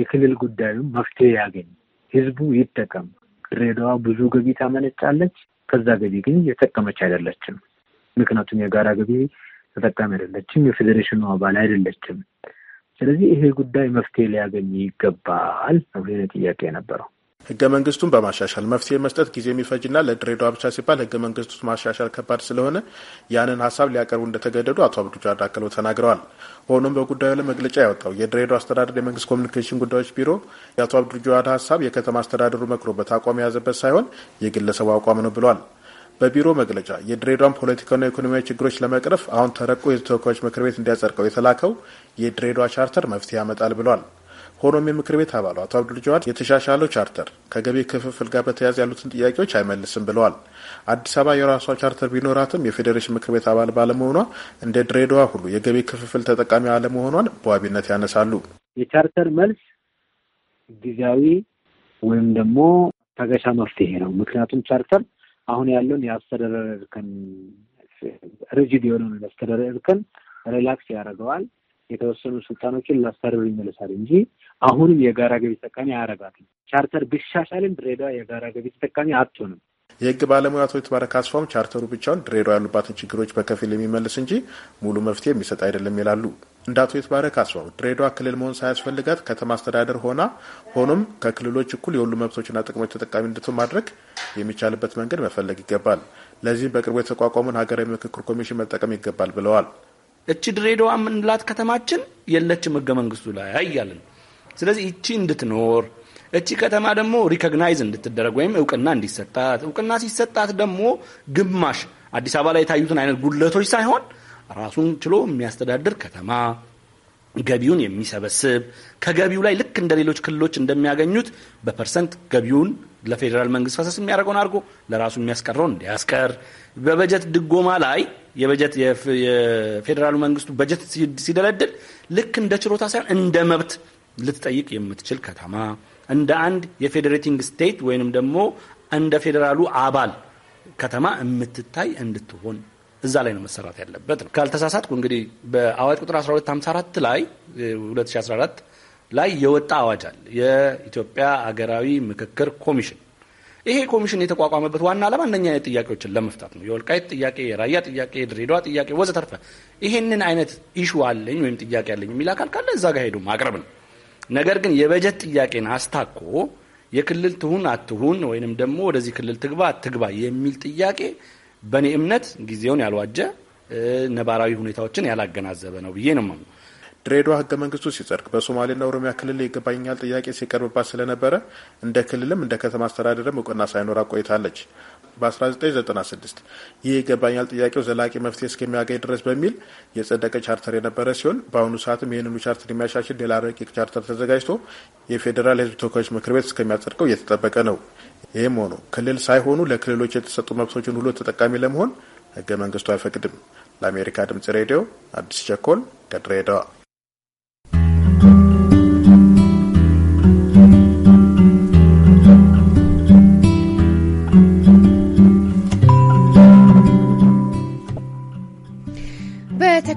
የክልል ጉዳዩን መፍትሄ ያገኝ፣ ህዝቡ ይጠቀም። ድሬዳዋ ብዙ ገቢ ታመነጫለች፣ ከዛ ገቢ ግን የተጠቀመች አይደለችም። ምክንያቱም የጋራ ገቢ ተጠቃሚ አይደለችም፣ የፌዴሬሽኑ አባል አይደለችም። ስለዚህ ይሄ ጉዳይ መፍትሄ ሊያገኝ ይገባል ነው ጥያቄ የነበረው። ህገ መንግስቱን በማሻሻል መፍትሄ መስጠት ጊዜ የሚፈጅና ለድሬዳዋ ብቻ ሲባል ህገ መንግስቱ ማሻሻል ከባድ ስለሆነ ያንን ሀሳብ ሊያቀርቡ እንደተገደዱ አቶ አብዱጃ ዳክለው ተናግረዋል። ሆኖም በጉዳዩ ላይ መግለጫ ያወጣው የድሬዳዋ አስተዳደር የመንግስት ኮሚኒኬሽን ጉዳዮች ቢሮ የአቶ አብዱጃዋድ ሀሳብ የከተማ አስተዳደሩ መክሮበት አቋም የያዘበት ሳይሆን የግለሰቡ አቋም ነው ብሏል። በቢሮ መግለጫ የድሬዳዋን ፖለቲካና ኢኮኖሚያዊ ችግሮች ለመቅረፍ አሁን ተረቆ የህዝብ ተወካዮች ምክር ቤት እንዲያጸድቀው የተላከው የድሬዳዋ ቻርተር መፍትሄ ያመጣል ብሏል። ሆኖም የምክር ቤት አባሉ አቶ አብዱል ጀዋድ የተሻሻለው ቻርተር ከገቢ ክፍፍል ጋር በተያያዘ ያሉትን ጥያቄዎች አይመልስም ብለዋል። አዲስ አበባ የራሷ ቻርተር ቢኖራትም የፌዴሬሽን ምክር ቤት አባል ባለመሆኗ እንደ ድሬዳዋ ሁሉ የገቢ ክፍፍል ተጠቃሚ አለመሆኗን በዋቢነት ያነሳሉ። የቻርተር መልስ ጊዜያዊ ወይም ደግሞ ታገሻ መፍትሄ ነው። ምክንያቱም ቻርተር አሁን ያለውን የአስተዳደር እርከን ረጅድ የሆነውን የአስተዳደር እርከን ሪላክስ ያደርገዋል። የተወሰኑ ስልጣኖችን ላስተዳደሩ ይመለሳል እንጂ አሁንም የጋራ ገቢ ተጠቃሚ አያረጋትም። ቻርተር ቢሻሻልም ድሬዳዋ የጋራ ገቢ ተጠቃሚ አትሆንም። የህግ ባለሙያ አቶ የተባረክ አስፋውም ቻርተሩ ብቻውን ድሬዳዋ ያሉባትን ችግሮች በከፊል የሚመልስ እንጂ ሙሉ መፍትሄ የሚሰጥ አይደለም ይላሉ። እንደ አቶ የተባረክ አስፋው ድሬዳዋ ክልል መሆን ሳያስፈልጋት ከተማ አስተዳደር ሆና ሆኖም ከክልሎች እኩል የሁሉ መብቶችና ጥቅሞች ተጠቃሚ እንድትሆን ማድረግ የሚቻልበት መንገድ መፈለግ ይገባል። ለዚህም በቅርቡ የተቋቋመውን ሀገራዊ ምክክር ኮሚሽን መጠቀም ይገባል ብለዋል። እቺ ድሬዳዋ የምንላት ከተማችን የለችም ህገ መንግስቱ ላይ አያልን። ስለዚህ እቺ እንድትኖር እቺ ከተማ ደግሞ ሪኮግናይዝ እንድትደረግ ወይም እውቅና እንዲሰጣት እውቅና ሲሰጣት ደግሞ ግማሽ አዲስ አበባ ላይ የታዩትን አይነት ጉድለቶች ሳይሆን ራሱን ችሎ የሚያስተዳድር ከተማ ገቢውን የሚሰበስብ ከገቢው ላይ ልክ እንደ ሌሎች ክልሎች እንደሚያገኙት በፐርሰንት ገቢውን ለፌዴራል መንግስት ፈሰስ የሚያደርገውን አድርጎ ለራሱ የሚያስቀረውን እንዲያስቀር በበጀት ድጎማ ላይ የበጀት የፌዴራሉ መንግስቱ በጀት ሲደለድል ልክ እንደ ችሎታ ሳይሆን እንደ መብት ልትጠይቅ የምትችል ከተማ እንደ አንድ የፌዴሬቲንግ ስቴት ወይንም ደግሞ እንደ ፌዴራሉ አባል ከተማ የምትታይ እንድትሆን እዛ ላይ ነው መሰራት ያለበት ነው። ካልተሳሳትኩ እንግዲህ በአዋጅ ቁጥር 1254 ላይ 2014 ላይ የወጣ አዋጅ አለ። የኢትዮጵያ አገራዊ ምክክር ኮሚሽን ይሄ ኮሚሽን የተቋቋመበት ዋና ዓላማ እነኛ ጥያቄዎችን ለመፍታት ነው። የወልቃይት ጥያቄ፣ የራያ ጥያቄ፣ የድሬዳዋ ጥያቄ ወዘተርፈ ይሄንን አይነት ኢሹ አለኝ ወይም ጥያቄ አለኝ የሚል አካል ካለ እዛ ጋር ሄዱ ማቅረብ ነው። ነገር ግን የበጀት ጥያቄን አስታኮ የክልል ትሁን አትሁን ወይንም ደግሞ ወደዚህ ክልል ትግባ አትግባ የሚል ጥያቄ በእኔ እምነት ጊዜውን ያልዋጀ ነባራዊ ሁኔታዎችን ያላገናዘበ ነው ብዬ ነው። ድሬዳዋ ህገ መንግስቱ ሲጸድቅ በሶማሌና ኦሮሚያ ክልል ይገባኛል ጥያቄ ሲቀርብባት ስለነበረ እንደ ክልልም እንደ ከተማ አስተዳደርም እውቅና ሳይኖራ ቆይታለች። በ1996 ይህ ይገባኛል ጥያቄው ዘላቂ መፍትሄ እስከሚያገኝ ድረስ በሚል የጸደቀ ቻርተር የነበረ ሲሆን በአሁኑ ሰዓትም ይህንኑ ቻርተር የሚያሻሽል ሌላ ረቂቅ ቻርተር ተዘጋጅቶ የፌዴራል ህዝብ ተወካዮች ምክር ቤት እስከሚያጸድቀው እየተጠበቀ ነው። ይህም ሆኖ ክልል ሳይሆኑ ለክልሎች የተሰጡ መብቶችን ሁሉ ተጠቃሚ ለመሆን ህገ መንግስቱ አይፈቅድም። ለአሜሪካ ድምጽ ሬዲዮ አዲስ ቸኮል ከድሬዳዋ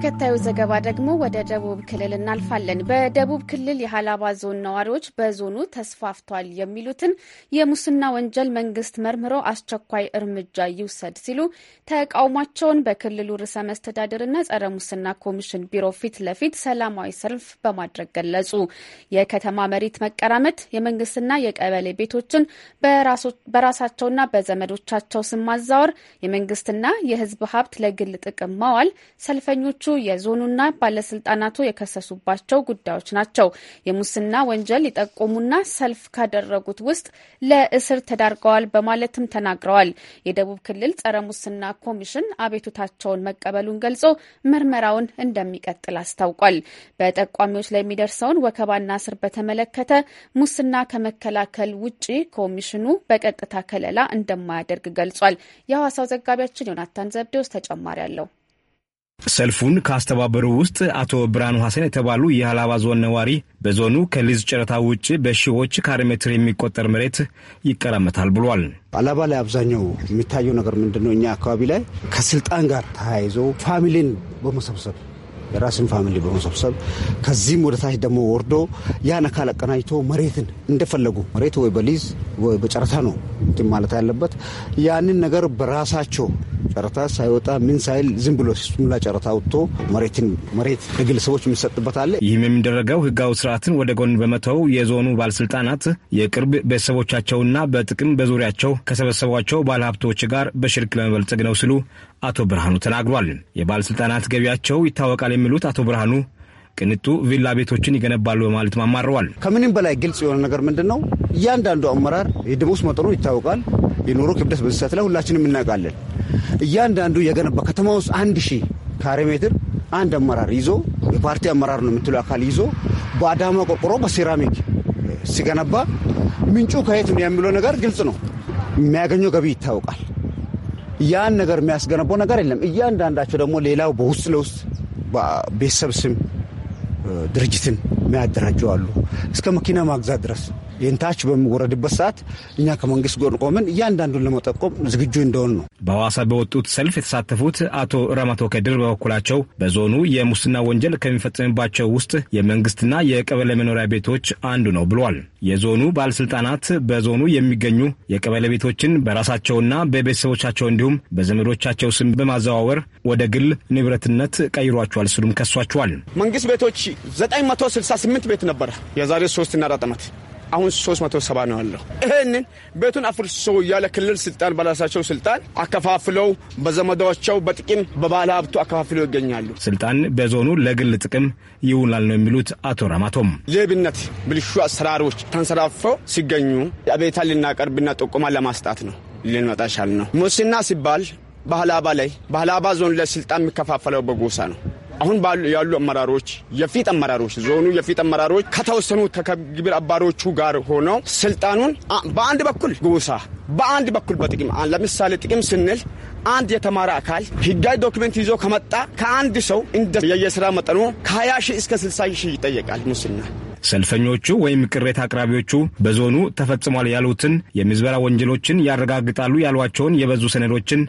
በተከታዩ ዘገባ ደግሞ ወደ ደቡብ ክልል እናልፋለን። በደቡብ ክልል የሀላባ ዞን ነዋሪዎች በዞኑ ተስፋፍቷል የሚሉትን የሙስና ወንጀል መንግስት መርምሮ አስቸኳይ እርምጃ ይውሰድ ሲሉ ተቃውሟቸውን በክልሉ ርዕሰ መስተዳድርና ጸረ ሙስና ኮሚሽን ቢሮ ፊት ለፊት ሰላማዊ ሰልፍ በማድረግ ገለጹ። የከተማ መሬት መቀራመት፣ የመንግስትና የቀበሌ ቤቶችን በራሳቸውና በዘመዶቻቸው ስም ማዛወር፣ የመንግስትና የህዝብ ሀብት ለግል ጥቅም ማዋል ሰልፈኞቹ የዞኑና ባለስልጣናቱ የከሰሱባቸው ጉዳዮች ናቸው። የሙስና ወንጀል ሊጠቆሙና ሰልፍ ካደረጉት ውስጥ ለእስር ተዳርገዋል በማለትም ተናግረዋል። የደቡብ ክልል ጸረ ሙስና ኮሚሽን አቤቱታቸውን መቀበሉን ገልጾ ምርመራውን እንደሚቀጥል አስታውቋል። በጠቋሚዎች ላይ የሚደርሰውን ወከባና እስር በተመለከተ ሙስና ከመከላከል ውጪ ኮሚሽኑ በቀጥታ ከለላ እንደማያደርግ ገልጿል። የሐዋሳው ዘጋቢያችን ዮናታን ዘብዴውስ ተጨማሪ አለው። ሰልፉን ካስተባበሩ ውስጥ አቶ ብርሃኑ ሐሰን የተባሉ የሀላባ ዞን ነዋሪ በዞኑ ከሊዝ ጨረታ ውጭ በሺዎች ካሬ ሜትር የሚቆጠር መሬት ይቀራመታል ብሏል። አላባ ላይ አብዛኛው የሚታየው ነገር ምንድን ነው? እኛ አካባቢ ላይ ከስልጣን ጋር ተያይዞ ፋሚሊን በመሰብሰብ የራስን ፋሚሊ በመሰብሰብ ከዚህም ወደ ታች ደግሞ ወርዶ ያን አካል አቀናጅቶ መሬትን እንደፈለጉ መሬት ወይ በሊዝ ወይ በጨረታ ነው እንትን ማለት ያለበት ያንን ነገር በራሳቸው ጨረታ ሳይወጣ ምን ሳይል ዝም ብሎ ሲሱምላ ጨረታ ወጥቶ መሬትን መሬት ለግለሰቦች የሚሰጥበት አለ። ይህም የሚደረገው ህጋዊ ስርዓትን ወደ ጎን በመተው የዞኑ ባለስልጣናት የቅርብ ቤተሰቦቻቸውና በጥቅም በዙሪያቸው ከሰበሰቧቸው ባለሀብቶች ጋር በሽርክ ለመበልጸግ ነው ሲሉ አቶ ብርሃኑ ተናግሯል። የባለሥልጣናት ገቢያቸው ይታወቃል የሚሉት አቶ ብርሃኑ ቅንጡ ቪላ ቤቶችን ይገነባሉ በማለት ማማረዋል። ከምንም በላይ ግልጽ የሆነ ነገር ምንድን ነው? እያንዳንዱ አመራር የደሞዝ መጠኑ ይታወቃል። የኑሮ ክብደት በእንስሳት ላይ ሁላችንም እናውቃለን። እያንዳንዱ የገነባ ከተማ ውስጥ አንድ ሺህ ካሬ ሜትር አንድ አመራር ይዞ የፓርቲ አመራር ነው የምትለው አካል ይዞ በአዳማ ቆርቆሮ በሴራሚክ ሲገነባ ምንጩ ከየት ነው የሚለው ነገር ግልጽ ነው። የሚያገኘው ገቢ ይታወቃል። ያን ነገር የሚያስገነባው ነገር የለም። እያንዳንዳቸው ደግሞ ሌላው በውስጥ ለውስጥ ቤተሰብ ስም ድርጅትን የሚያደራጀዋሉ። አሉ። እስከ መኪና ማግዛት ድረስ የንታች በሚወረድበት ሰዓት እኛ ከመንግስት ጎን ቆመን እያንዳንዱን ለመጠቆም ዝግጁ እንደሆን ነው። በሐዋሳ በወጡት ሰልፍ የተሳተፉት አቶ ረማቶ ከድር በበኩላቸው በዞኑ የሙስና ወንጀል ከሚፈጸምባቸው ውስጥ የመንግስትና የቀበሌ መኖሪያ ቤቶች አንዱ ነው ብሏል። የዞኑ ባለስልጣናት በዞኑ የሚገኙ የቀበሌ ቤቶችን በራሳቸውና በቤተሰቦቻቸው እንዲሁም በዘመዶቻቸው ስም በማዘዋወር ወደ ግል ንብረትነት ቀይሯቸዋል ሲሉም ከሷቸዋል። መንግስት ቤቶች 968 ቤት ነበረ የዛሬ 3 አራት ዓመት አሁን 370 ነው ያለው። ይህንን ቤቱን አፍርሶ እያለ ክልል ስልጣን በራሳቸው ስልጣን አከፋፍለው በዘመዶቸው በጥቂም በባለ ሀብቱ አከፋፍለው ይገኛሉ። ስልጣን በዞኑ ለግል ጥቅም ይውላል ነው የሚሉት አቶ ራማቶም። ሌብነት፣ ብልሹ አሰራሮች ተንሰራፈው ሲገኙ አቤቱታ ልናቀርብና ጥቆማ ለማስጣት ነው ልንመጣ ቻል ነው። ሙስና ሲባል ባህላባ ላይ ባህላባ ዞን ለስልጣን የሚከፋፈለው በጎሳ ነው። አሁን ያሉ አመራሮች የፊት አመራሮች ዞኑ የፊት አመራሮች ከተወሰኑ ከግብር አባሮቹ ጋር ሆነው ስልጣኑን በአንድ በኩል ጎሳ በአንድ በኩል በጥቅም ለምሳሌ ጥቅም ስንል አንድ የተማረ አካል ህጋዊ ዶክመንት ይዞ ከመጣ ከአንድ ሰው እንደ መጠኑ ከ20 ሺህ እስከ 60 ሺህ ይጠየቃል ሙስና። ሰልፈኞቹ ወይም ቅሬታ አቅራቢዎቹ በዞኑ ተፈጽሟል ያሉትን የምዝበራ ወንጀሎችን ያረጋግጣሉ ያሏቸውን የበዙ ሰነዶችን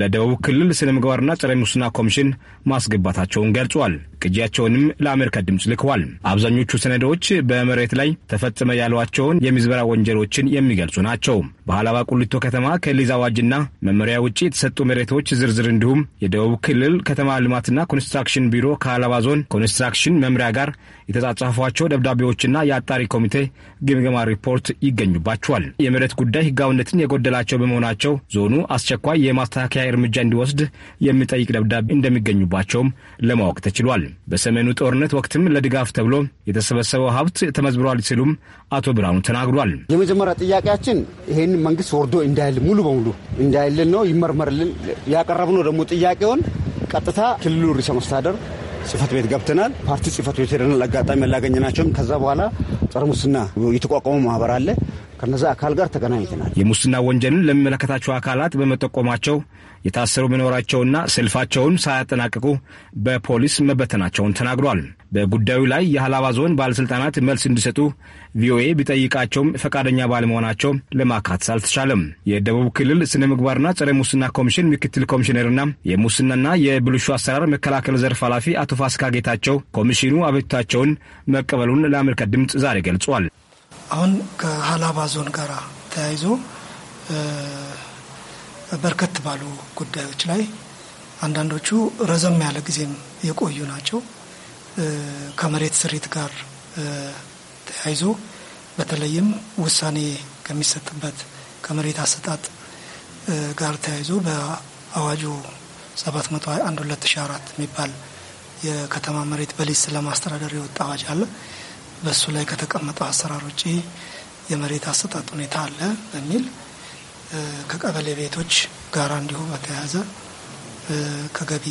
ለደቡብ ክልል ስነ ምግባርና ጸረ ሙስና ኮሚሽን ማስገባታቸውን ገልጿል። ቅጂያቸውንም ለአሜሪካ ድምፅ ልከዋል። አብዛኞቹ ሰነዶች በመሬት ላይ ተፈጽመ ያሏቸውን የምዝበራ ወንጀሎችን የሚገልጹ ናቸው። በሀላባ ቁሊቶ ከተማ ከሊዝ አዋጅና መመሪያ ውጭ የተሰጡ መሬቶች ዝርዝር እንዲሁም የደቡብ ክልል ከተማ ልማትና ኮንስትራክሽን ቢሮ ከሀላባ ዞን ኮንስትራክሽን መምሪያ ጋር የተጻጻፏቸው ደብዳቤዎችና የአጣሪ ኮሚቴ ግምገማ ሪፖርት ይገኙባቸዋል። የመሬት ጉዳይ ህጋዊነትን የጎደላቸው በመሆናቸው ዞኑ አስቸኳይ የማስተካከያ እርምጃ እንዲወስድ የሚጠይቅ ደብዳቤ እንደሚገኙባቸውም ለማወቅ ተችሏል። በሰሜኑ ጦርነት ወቅትም ለድጋፍ ተብሎ የተሰበሰበው ሀብት ተመዝብሯል ሲሉም አቶ ብርሃኑ ተናግሯል። የመጀመሪያ ጥያቄያችን ይህን መንግስት ወርዶ እንዳይል ሙሉ በሙሉ እንዳይልን ነው፣ ይመርመርልን። ያቀረብነው ደግሞ ጥያቄውን ቀጥታ ክልሉ ርዕሰ መስተዳደር ጽህፈት ቤት ገብተናል። ፓርቲ ጽህፈት ቤት ሄደናል። አጋጣሚ ናቸውም። ከዛ በኋላ ጸረ ሙስና የተቋቋመ ማህበር አለ። ከነዛ አካል ጋር ተገናኝተናል። የሙስና ወንጀልን ለሚመለከታቸው አካላት በመጠቆማቸው የታሰሩ መኖራቸውና ሰልፋቸውን ሳያጠናቅቁ በፖሊስ መበተናቸውን ተናግሯል። በጉዳዩ ላይ የሀላባ ዞን ባለሥልጣናት መልስ እንዲሰጡ ቪኦኤ ቢጠይቃቸውም ፈቃደኛ ባለመሆናቸው ለማካት አልተቻለም። የደቡብ ክልል ስነ ምግባርና ጸረ ሙስና ኮሚሽን ምክትል ኮሚሽነርና የሙስናና የብልሹ አሰራር መከላከል ዘርፍ ኃላፊ አቶ ፋስካ ጌታቸው ኮሚሽኑ አቤቱታቸውን መቀበሉን ለአሜሪካ ድምፅ ዛሬ ገልጿል። አሁን ከሀላባ ዞን ጋር ተያይዞ በርከት ባሉ ጉዳዮች ላይ አንዳንዶቹ ረዘም ያለ ጊዜም የቆዩ ናቸው። ከመሬት ስሪት ጋር ተያይዞ በተለይም ውሳኔ ከሚሰጥበት ከመሬት አሰጣጥ ጋር ተያይዞ በአዋጁ 721 2004 የሚባል የከተማ መሬት በሊዝ ለማስተዳደር የወጣ አዋጅ አለ። በእሱ ላይ ከተቀመጠው አሰራር ውጪ የመሬት አሰጣጥ ሁኔታ አለ በሚል ከቀበሌ ቤቶች ጋር እንዲሁ በተያያዘ ከገቢ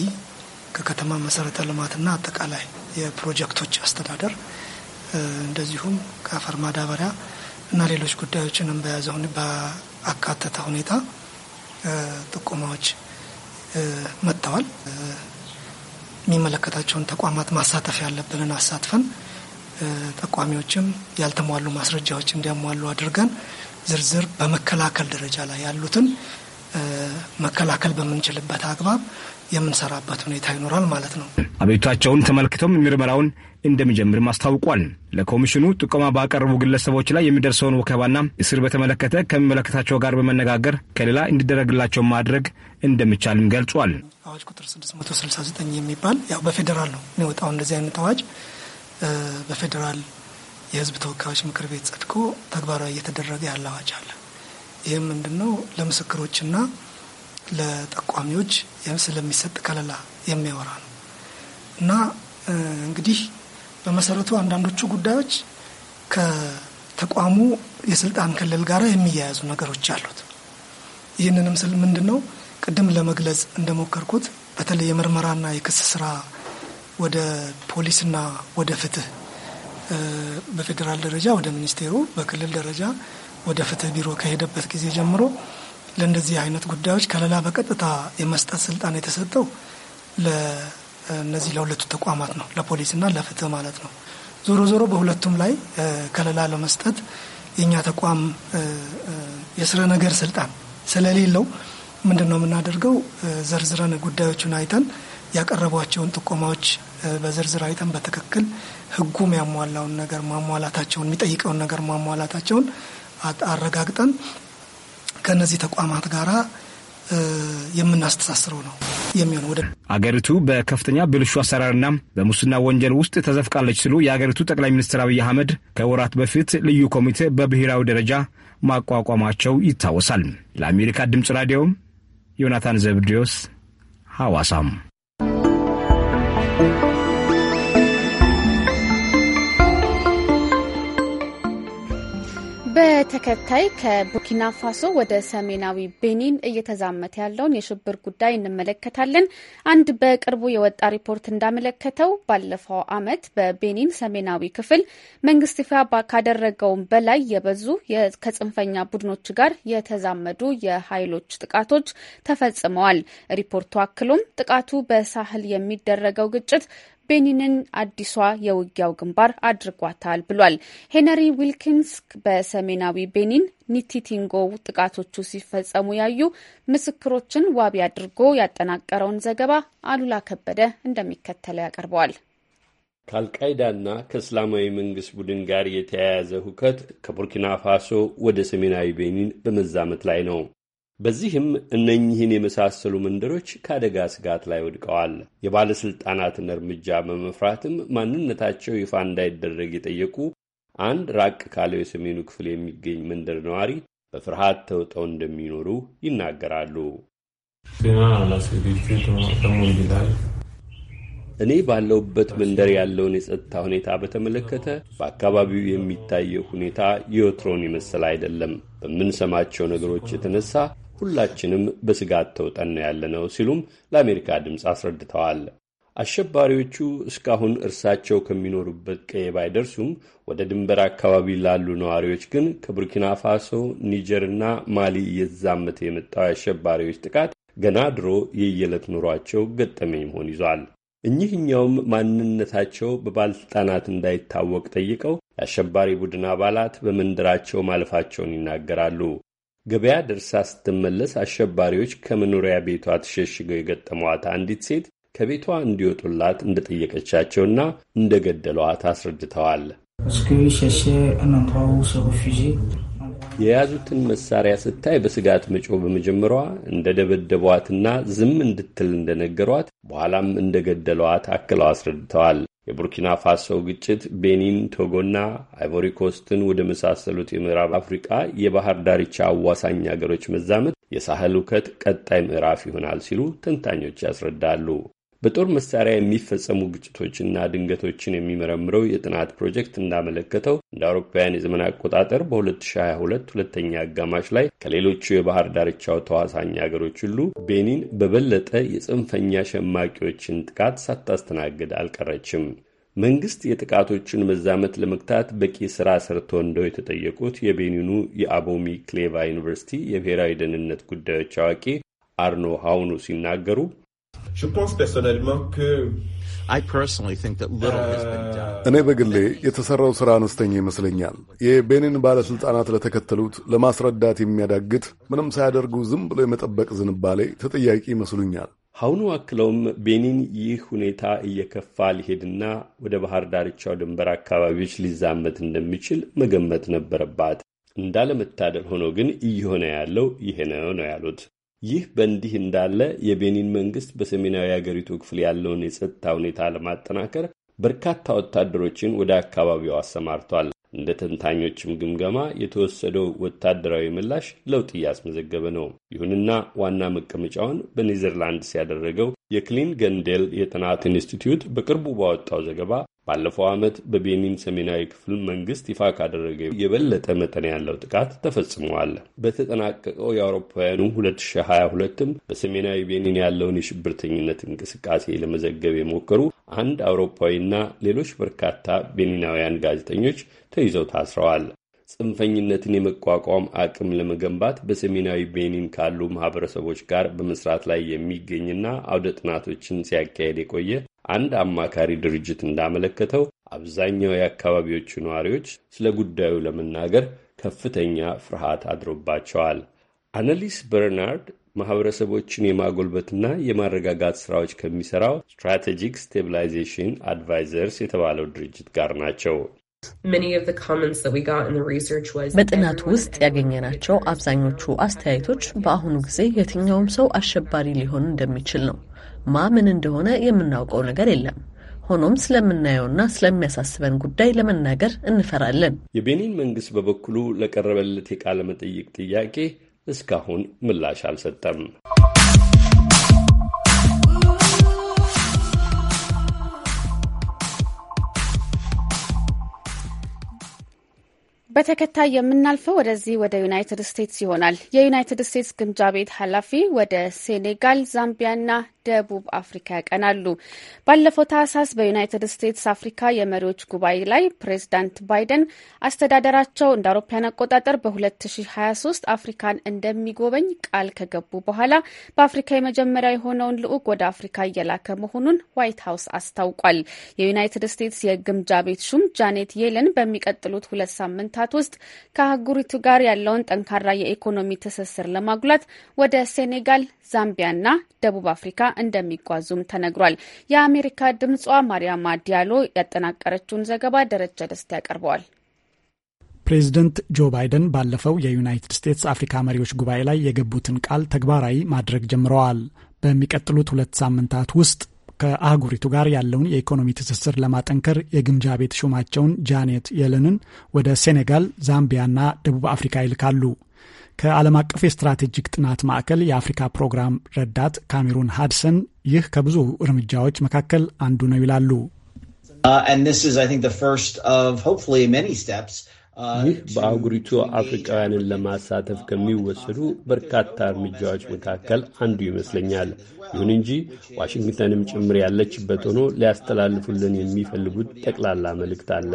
ከከተማ መሰረተ ልማትና አጠቃላይ የፕሮጀክቶች አስተዳደር እንደዚሁም ከአፈር ማዳበሪያ እና ሌሎች ጉዳዮችንም በያዘ በአካተተ ሁኔታ ጥቆማዎች መጥተዋል። የሚመለከታቸውን ተቋማት ማሳተፍ ያለብንን አሳትፈን ጠቋሚዎችም ያልተሟሉ ማስረጃዎች እንዲያሟሉ አድርገን ዝርዝር በመከላከል ደረጃ ላይ ያሉትን መከላከል በምንችልበት አግባብ የምንሰራበት ሁኔታ ይኖራል ማለት ነው። አቤቱታቸውን ተመልክተውም ምርመራውን እንደሚጀምር አስታውቋል። ለኮሚሽኑ ጥቆማ ባቀረቡ ግለሰቦች ላይ የሚደርሰውን ወከባና እስር በተመለከተ ከሚመለከታቸው ጋር በመነጋገር ከሌላ እንዲደረግላቸው ማድረግ እንደሚቻልም ገልጿል። አዋጅ ቁጥር 669 የሚባል ያው በፌዴራል ነው የሚወጣው እንደዚህ አይነት አዋጅ በፌዴራል የህዝብ ተወካዮች ምክር ቤት ጸድቆ ተግባራዊ እየተደረገ ያለ አዋጅ አለ። ይህም ምንድን ነው? ለምስክሮችና ለጠቋሚዎች ስለሚሰጥ ከለላ የሚያወራ ነው እና እንግዲህ በመሰረቱ አንዳንዶቹ ጉዳዮች ከተቋሙ የስልጣን ክልል ጋር የሚያያዙ ነገሮች አሉት። ይህንንም ስል ምንድን ነው ቅድም ለመግለጽ እንደሞከርኩት በተለይ የምርመራና የክስ ስራ ወደ ፖሊስና ወደ ፍትህ በፌዴራል ደረጃ ወደ ሚኒስቴሩ፣ በክልል ደረጃ ወደ ፍትህ ቢሮ ከሄደበት ጊዜ ጀምሮ ለእንደዚህ አይነት ጉዳዮች ከለላ በቀጥታ የመስጠት ስልጣን የተሰጠው ለእነዚህ ለሁለቱ ተቋማት ነው፣ ለፖሊስና ለፍትህ ማለት ነው። ዞሮ ዞሮ በሁለቱም ላይ ከለላ ለመስጠት የእኛ ተቋም የስረ ነገር ስልጣን ስለሌለው ምንድን ነው የምናደርገው? ዘርዝረን ጉዳዮቹን አይተን ያቀረቧቸውን ጥቆማዎች በዝርዝር አይተን በትክክል ህጉም ያሟላውን ነገር ማሟላታቸውን የሚጠይቀውን ነገር ማሟላታቸውን አረጋግጠን ከነዚህ ተቋማት ጋር የምናስተሳስረው ነው የሚሆን ወደ አገሪቱ በከፍተኛ ብልሹ አሰራርና በሙስና ወንጀል ውስጥ ተዘፍቃለች ሲሉ የአገሪቱ ጠቅላይ ሚኒስትር አብይ አህመድ ከወራት በፊት ልዩ ኮሚቴ በብሔራዊ ደረጃ ማቋቋማቸው ይታወሳል። ለአሜሪካ ድምፅ ራዲዮ ዮናታን ዘብድዮስ ሐዋሳም በተከታይ ከቡርኪና ፋሶ ወደ ሰሜናዊ ቤኒን እየተዛመተ ያለውን የሽብር ጉዳይ እንመለከታለን። አንድ በቅርቡ የወጣ ሪፖርት እንዳመለከተው ባለፈው ዓመት በቤኒን ሰሜናዊ ክፍል መንግስት ይፋ ካደረገውም በላይ የበዙ ከጽንፈኛ ቡድኖች ጋር የተዛመዱ የኃይሎች ጥቃቶች ተፈጽመዋል። ሪፖርቱ አክሎም ጥቃቱ በሳህል የሚደረገው ግጭት ቤኒንን አዲሷ የውጊያው ግንባር አድርጓታል ብሏል። ሄነሪ ዊልኪንስ በሰሜናዊ ቤኒን ኒቲቲንጎ ጥቃቶቹ ሲፈጸሙ ያዩ ምስክሮችን ዋቢ አድርጎ ያጠናቀረውን ዘገባ አሉላ ከበደ እንደሚከተለው ያቀርበዋል። ከአልቃይዳና ከእስላማዊ መንግስት ቡድን ጋር የተያያዘ ሁከት ከቡርኪና ፋሶ ወደ ሰሜናዊ ቤኒን በመዛመት ላይ ነው። በዚህም እነኚህን የመሳሰሉ መንደሮች ከአደጋ ስጋት ላይ ወድቀዋል። የባለሥልጣናትን እርምጃ በመፍራትም ማንነታቸው ይፋ እንዳይደረግ የጠየቁ አንድ ራቅ ካለው የሰሜኑ ክፍል የሚገኝ መንደር ነዋሪ በፍርሃት ተውጠው እንደሚኖሩ ይናገራሉ። እኔ ባለውበት መንደር ያለውን የጸጥታ ሁኔታ በተመለከተ በአካባቢው የሚታየው ሁኔታ የወትሮን የመሰለ አይደለም። በምንሰማቸው ነገሮች የተነሳ ሁላችንም በስጋት ተውጠን ነው ያለነው ሲሉም ለአሜሪካ ድምፅ አስረድተዋል። አሸባሪዎቹ እስካሁን እርሳቸው ከሚኖሩበት ቀዬ ባይደርሱም ወደ ድንበር አካባቢ ላሉ ነዋሪዎች ግን ከቡርኪና ፋሶ፣ ኒጀርና ማሊ እየተዛመተ የመጣው የአሸባሪዎች ጥቃት ገና ድሮ የየዕለት ኑሯቸው ገጠመኝ መሆን ይዟል። እኚህኛውም ማንነታቸው በባለሥልጣናት እንዳይታወቅ ጠይቀው የአሸባሪ ቡድን አባላት በመንደራቸው ማለፋቸውን ይናገራሉ። ገበያ ደርሳ ስትመለስ አሸባሪዎች ከመኖሪያ ቤቷ ተሸሽገው የገጠሟት አንዲት ሴት ከቤቷ እንዲወጡላት እንደጠየቀቻቸውና እንደገደሏት አስረድተዋል። የያዙትን መሳሪያ ስታይ በስጋት መጮ በመጀመሯ እንደደበደቧትና ዝም እንድትል እንደነገሯት በኋላም እንደገደሏት አክለው አስረድተዋል። የቡርኪና ፋሶ ግጭት ቤኒን፣ ቶጎና አይቮሪኮስትን ወደ መሳሰሉት የምዕራብ አፍሪቃ የባህር ዳርቻ አዋሳኝ አገሮች መዛመት የሳህል ውከት ቀጣይ ምዕራፍ ይሆናል ሲሉ ተንታኞች ያስረዳሉ። በጦር መሳሪያ የሚፈጸሙ ግጭቶችና ድንገቶችን የሚመረምረው የጥናት ፕሮጀክት እንዳመለከተው እንደ አውሮፓውያን የዘመን አቆጣጠር በ2022 ሁለተኛ አጋማሽ ላይ ከሌሎቹ የባህር ዳርቻው ተዋሳኝ ሀገሮች ሁሉ ቤኒን በበለጠ የጽንፈኛ ሸማቂዎችን ጥቃት ሳታስተናግድ አልቀረችም። መንግስት የጥቃቶቹን መዛመት ለመግታት በቂ ስራ ሰርቶ እንደው የተጠየቁት የቤኒኑ የአቦሚ ክሌቫ ዩኒቨርሲቲ የብሔራዊ ደህንነት ጉዳዮች አዋቂ አርኖ ሀውኑ ሲናገሩ Je pense personnellement que euh, እኔ በግሌ የተሰራው ስራ አነስተኛ ይመስለኛል። የቤኒን ባለሥልጣናት ለተከተሉት ለማስረዳት የሚያዳግት ምንም ሳያደርጉ ዝም ብሎ የመጠበቅ ዝንባሌ ተጠያቂ ይመስሉኛል። አሁኑ አክለውም ቤኒን ይህ ሁኔታ እየከፋ ሊሄድና ወደ ባህር ዳርቻው ድንበር አካባቢዎች ሊዛመት እንደሚችል መገመት ነበረባት። እንዳለመታደል ሆኖ ግን እየሆነ ያለው ይሄ ነው ነው ያሉት። ይህ በእንዲህ እንዳለ የቤኒን መንግስት በሰሜናዊ አገሪቱ ክፍል ያለውን የጸጥታ ሁኔታ ለማጠናከር በርካታ ወታደሮችን ወደ አካባቢው አሰማርቷል። እንደ ተንታኞችም ግምገማ የተወሰደው ወታደራዊ ምላሽ ለውጥ እያስመዘገበ ነው። ይሁንና ዋና መቀመጫውን በኔዘርላንድስ ያደረገው የክሊን ገንዴል የጥናት ኢንስቲትዩት በቅርቡ ባወጣው ዘገባ ባለፈው ዓመት በቤኒን ሰሜናዊ ክፍል መንግስት ይፋ ካደረገ የበለጠ መጠን ያለው ጥቃት ተፈጽመዋል። በተጠናቀቀው የአውሮፓውያኑ 2022ም በሰሜናዊ ቤኒን ያለውን የሽብርተኝነት እንቅስቃሴ ለመዘገብ የሞከሩ አንድ አውሮፓዊና ሌሎች በርካታ ቤኒናውያን ጋዜጠኞች ተይዘው ታስረዋል። ጽንፈኝነትን የመቋቋም አቅም ለመገንባት በሰሜናዊ ቤኒን ካሉ ማህበረሰቦች ጋር በመስራት ላይ የሚገኝና አውደ ጥናቶችን ሲያካሄድ የቆየ አንድ አማካሪ ድርጅት እንዳመለከተው አብዛኛው የአካባቢዎቹ ነዋሪዎች ስለ ጉዳዩ ለመናገር ከፍተኛ ፍርሃት አድሮባቸዋል። አነሊስ በርናርድ ማህበረሰቦችን የማጎልበትና የማረጋጋት ስራዎች ከሚሰራው ስትራቴጂክ ስቴቢላይዜሽን አድቫይዘርስ የተባለው ድርጅት ጋር ናቸው። በጥናቱ ውስጥ ያገኘናቸው አብዛኞቹ አስተያየቶች በአሁኑ ጊዜ የትኛውም ሰው አሸባሪ ሊሆን እንደሚችል ነው። ማ ምን እንደሆነ የምናውቀው ነገር የለም። ሆኖም ስለምናየውና ስለሚያሳስበን ጉዳይ ለመናገር እንፈራለን። የቤኒን መንግስት በበኩሉ ለቀረበለት የቃለ መጠይቅ ጥያቄ እስካሁን ምላሽ አልሰጠም። በተከታይ የምናልፈው ወደዚህ ወደ ዩናይትድ ስቴትስ ይሆናል። የዩናይትድ ስቴትስ ግምጃ ቤት ኃላፊ ወደ ሴኔጋል፣ ዛምቢያና ደቡብ አፍሪካ ያቀናሉ። ባለፈው ታህሳስ በዩናይትድ ስቴትስ አፍሪካ የመሪዎች ጉባኤ ላይ ፕሬዚዳንት ባይደን አስተዳደራቸው እንደ አውሮፓውያን አቆጣጠር በ2023 አፍሪካን እንደሚጎበኝ ቃል ከገቡ በኋላ በአፍሪካ የመጀመሪያ የሆነውን ልዑክ ወደ አፍሪካ እየላከ መሆኑን ዋይት ሀውስ አስታውቋል። የዩናይትድ ስቴትስ የግምጃ ቤት ሹም ጃኔት የለን በሚቀጥሉት ሁለት ሳምንታት ውስጥ ከአህጉሪቱ ጋር ያለውን ጠንካራ የኢኮኖሚ ትስስር ለማጉላት ወደ ሴኔጋል፣ ዛምቢያና ደቡብ አፍሪካ እንደሚጓዙም ተነግሯል። የአሜሪካ ድምጿ ማርያም ዲያሎ ያጠናቀረችውን ዘገባ ደረጃ ደስታ ያቀርበዋል። ፕሬዚደንት ጆ ባይደን ባለፈው የዩናይትድ ስቴትስ አፍሪካ መሪዎች ጉባኤ ላይ የገቡትን ቃል ተግባራዊ ማድረግ ጀምረዋል። በሚቀጥሉት ሁለት ሳምንታት ውስጥ ከአህጉሪቱ ጋር ያለውን የኢኮኖሚ ትስስር ለማጠንከር የግምጃ ቤት ሹማቸውን ጃኔት የለንን ወደ ሴኔጋል፣ ዛምቢያና ደቡብ አፍሪካ ይልካሉ። ከዓለም አቀፍ የስትራቴጂክ ጥናት ማዕከል የአፍሪካ ፕሮግራም ረዳት ካሜሩን ሃድሰን ይህ ከብዙ እርምጃዎች መካከል አንዱ ነው ይላሉ። uh, uh, ይህ በአህጉሪቱ አፍሪካውያንን ለማሳተፍ ከሚወሰዱ በርካታ እርምጃዎች መካከል አንዱ ይመስለኛል። ይሁን እንጂ ዋሽንግተንም ጭምር ያለችበት ሆኖ ሊያስተላልፉልን የሚፈልጉት ጠቅላላ መልእክት አለ።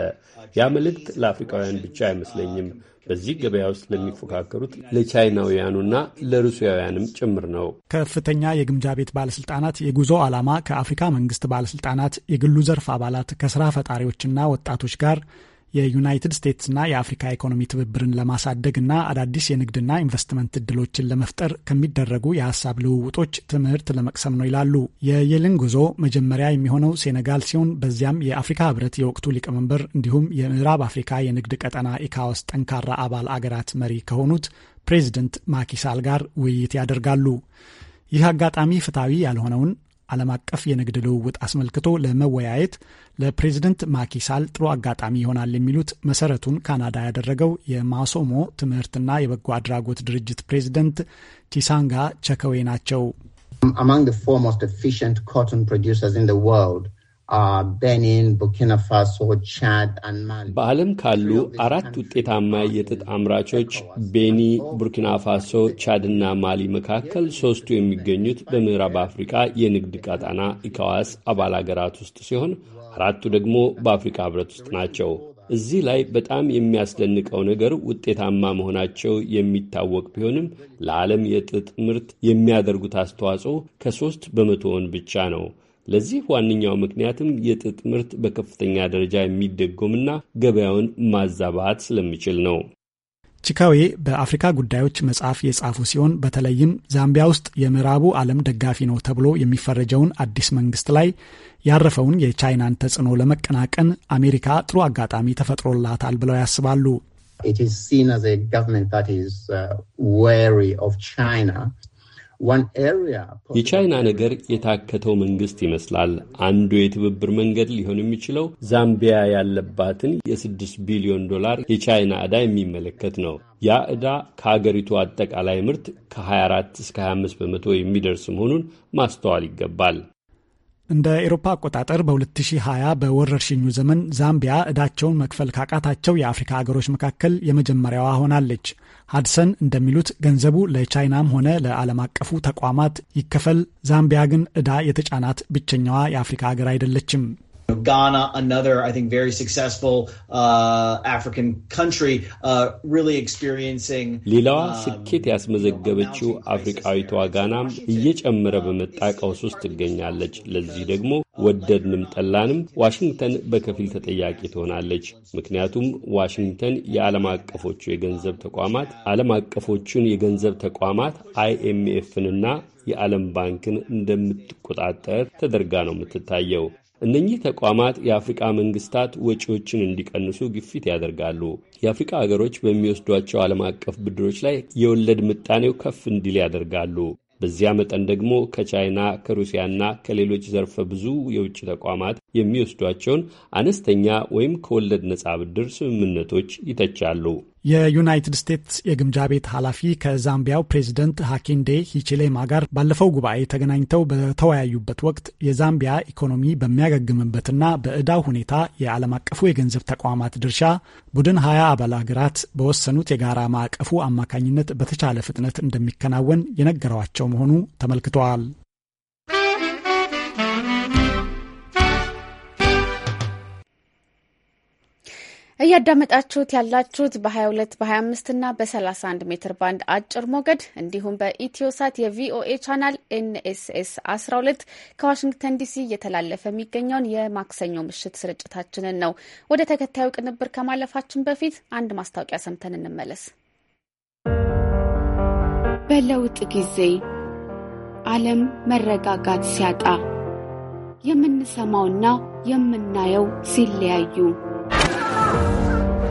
ያ መልእክት ለአፍሪካውያን ብቻ አይመስለኝም። በዚህ ገበያ ውስጥ ለሚፎካከሩት ለቻይናውያኑና ለሩሲያውያንም ጭምር ነው። ከፍተኛ የግምጃ ቤት ባለስልጣናት የጉዞ ዓላማ ከአፍሪካ መንግስት ባለስልጣናት፣ የግሉ ዘርፍ አባላት ከስራ ፈጣሪዎችና ወጣቶች ጋር የዩናይትድ ስቴትስና የአፍሪካ ኢኮኖሚ ትብብርን ለማሳደግና አዳዲስ የንግድና ኢንቨስትመንት እድሎችን ለመፍጠር ከሚደረጉ የሀሳብ ልውውጦች ትምህርት ለመቅሰም ነው ይላሉ። የየልን ጉዞ መጀመሪያ የሚሆነው ሴኔጋል ሲሆን በዚያም የአፍሪካ ህብረት የወቅቱ ሊቀመንበር እንዲሁም የምዕራብ አፍሪካ የንግድ ቀጠና ኢካዎስ ጠንካራ አባል አገራት መሪ ከሆኑት ፕሬዚደንት ማኪሳል ጋር ውይይት ያደርጋሉ። ይህ አጋጣሚ ፍትሐዊ ያልሆነውን ዓለም አቀፍ የንግድ ልውውጥ አስመልክቶ ለመወያየት ለፕሬዝደንት ማኪሳል ጥሩ አጋጣሚ ይሆናል የሚሉት መሰረቱን ካናዳ ያደረገው የማሶሞ ትምህርትና የበጎ አድራጎት ድርጅት ፕሬዝደንት ቺሳንጋ ቸከዌ ናቸው። Among the foremost efficient cotton producers in the world, ቤኒን፣ ቡርኪና ፋሶ፣ ቻድ እና ማሊ በዓለም ካሉ አራት ውጤታማ የጥጥ አምራቾች ቤኒ፣ ቡርኪና ፋሶ፣ ቻድ እና ማሊ መካከል ሶስቱ የሚገኙት በምዕራብ አፍሪካ የንግድ ቀጣና ኢካዋስ አባል አገራት ውስጥ ሲሆን አራቱ ደግሞ በአፍሪካ ህብረት ውስጥ ናቸው። እዚህ ላይ በጣም የሚያስደንቀው ነገር ውጤታማ መሆናቸው የሚታወቅ ቢሆንም ለዓለም የጥጥ ምርት የሚያደርጉት አስተዋጽኦ ከሶስት በመቶውን ብቻ ነው። ለዚህ ዋነኛው ምክንያትም የጥጥ ምርት በከፍተኛ ደረጃ የሚደጎምና ገበያውን ማዛባት ስለሚችል ነው። ቺካዌ በአፍሪካ ጉዳዮች መጽሐፍ የጻፉ ሲሆን በተለይም ዛምቢያ ውስጥ የምዕራቡ ዓለም ደጋፊ ነው ተብሎ የሚፈረጀውን አዲስ መንግስት ላይ ያረፈውን የቻይናን ተጽዕኖ ለመቀናቀን አሜሪካ ጥሩ አጋጣሚ ተፈጥሮላታል ብለው ያስባሉ። የቻይና ነገር የታከተው መንግስት ይመስላል። አንዱ የትብብር መንገድ ሊሆን የሚችለው ዛምቢያ ያለባትን የስድስት ቢሊዮን ዶላር የቻይና ዕዳ የሚመለከት ነው። ያ ዕዳ ከአገሪቱ አጠቃላይ ምርት ከ24 እስከ 25 በመቶ የሚደርስ መሆኑን ማስተዋል ይገባል። እንደ ኤሮፓ አቆጣጠር በ2020 በወረርሽኙ ዘመን ዛምቢያ ዕዳቸውን መክፈል ካቃታቸው የአፍሪካ አገሮች መካከል የመጀመሪያዋ ሆናለች። ሀድሰን እንደሚሉት ገንዘቡ ለቻይናም ሆነ ለዓለም አቀፉ ተቋማት ይከፈል፣ ዛምቢያ ግን ዕዳ የተጫናት ብቸኛዋ የአፍሪካ ሀገር አይደለችም። Ghana, another, I think, very successful አፍሪካን uh, ካንትሪ uh, ሌላዋ um, ስኬት ያስመዘገበችው አፍሪቃዊቷ ጋናም እየጨመረ uh, በመጣ ቀውስ ውስጥ ትገኛለች። ለዚህ ደግሞ ወደድንም ጠላንም ዋሽንግተን በከፊል ተጠያቂ ትሆናለች። ምክንያቱም ዋሽንግተን የዓለም አቀፎቹ የገንዘብ ተቋማት ዓለም አቀፎቹን የገንዘብ ተቋማት አይኤምኤፍንና የዓለም ባንክን እንደምትቆጣጠር ተደርጋ ነው የምትታየው። እነኚህ ተቋማት የአፍሪቃ መንግስታት ወጪዎችን እንዲቀንሱ ግፊት ያደርጋሉ። የአፍሪቃ ሀገሮች በሚወስዷቸው ዓለም አቀፍ ብድሮች ላይ የወለድ ምጣኔው ከፍ እንዲል ያደርጋሉ። በዚያ መጠን ደግሞ ከቻይና ከሩሲያና ከሌሎች ዘርፈ ብዙ የውጭ ተቋማት የሚወስዷቸውን አነስተኛ ወይም ከወለድ ነጻ ብድር ስምምነቶች ይተቻሉ። የዩናይትድ ስቴትስ የግምጃ ቤት ኃላፊ ከዛምቢያው ፕሬዚደንት ሀኪንዴ ሂቺሌማ ጋር ባለፈው ጉባኤ ተገናኝተው በተወያዩበት ወቅት የዛምቢያ ኢኮኖሚ በሚያገግምበትና በዕዳው ሁኔታ የዓለም አቀፉ የገንዘብ ተቋማት ድርሻ ቡድን ሀያ አባል ሀገራት በወሰኑት የጋራ ማዕቀፉ አማካኝነት በተቻለ ፍጥነት እንደሚከናወን የነገረዋቸው መሆኑ ተመልክተዋል። እያዳመጣችሁት ያላችሁት በ22 በ25 እና በ31 ሜትር ባንድ አጭር ሞገድ እንዲሁም በኢትዮሳት የቪኦኤ ቻናል ኤንኤስኤስ 12 ከዋሽንግተን ዲሲ እየተላለፈ የሚገኘውን የማክሰኞ ምሽት ስርጭታችንን ነው። ወደ ተከታዩ ቅንብር ከማለፋችን በፊት አንድ ማስታወቂያ ሰምተን እንመለስ። በለውጥ ጊዜ ዓለም መረጋጋት ሲያጣ የምንሰማውና የምናየው ሲለያዩ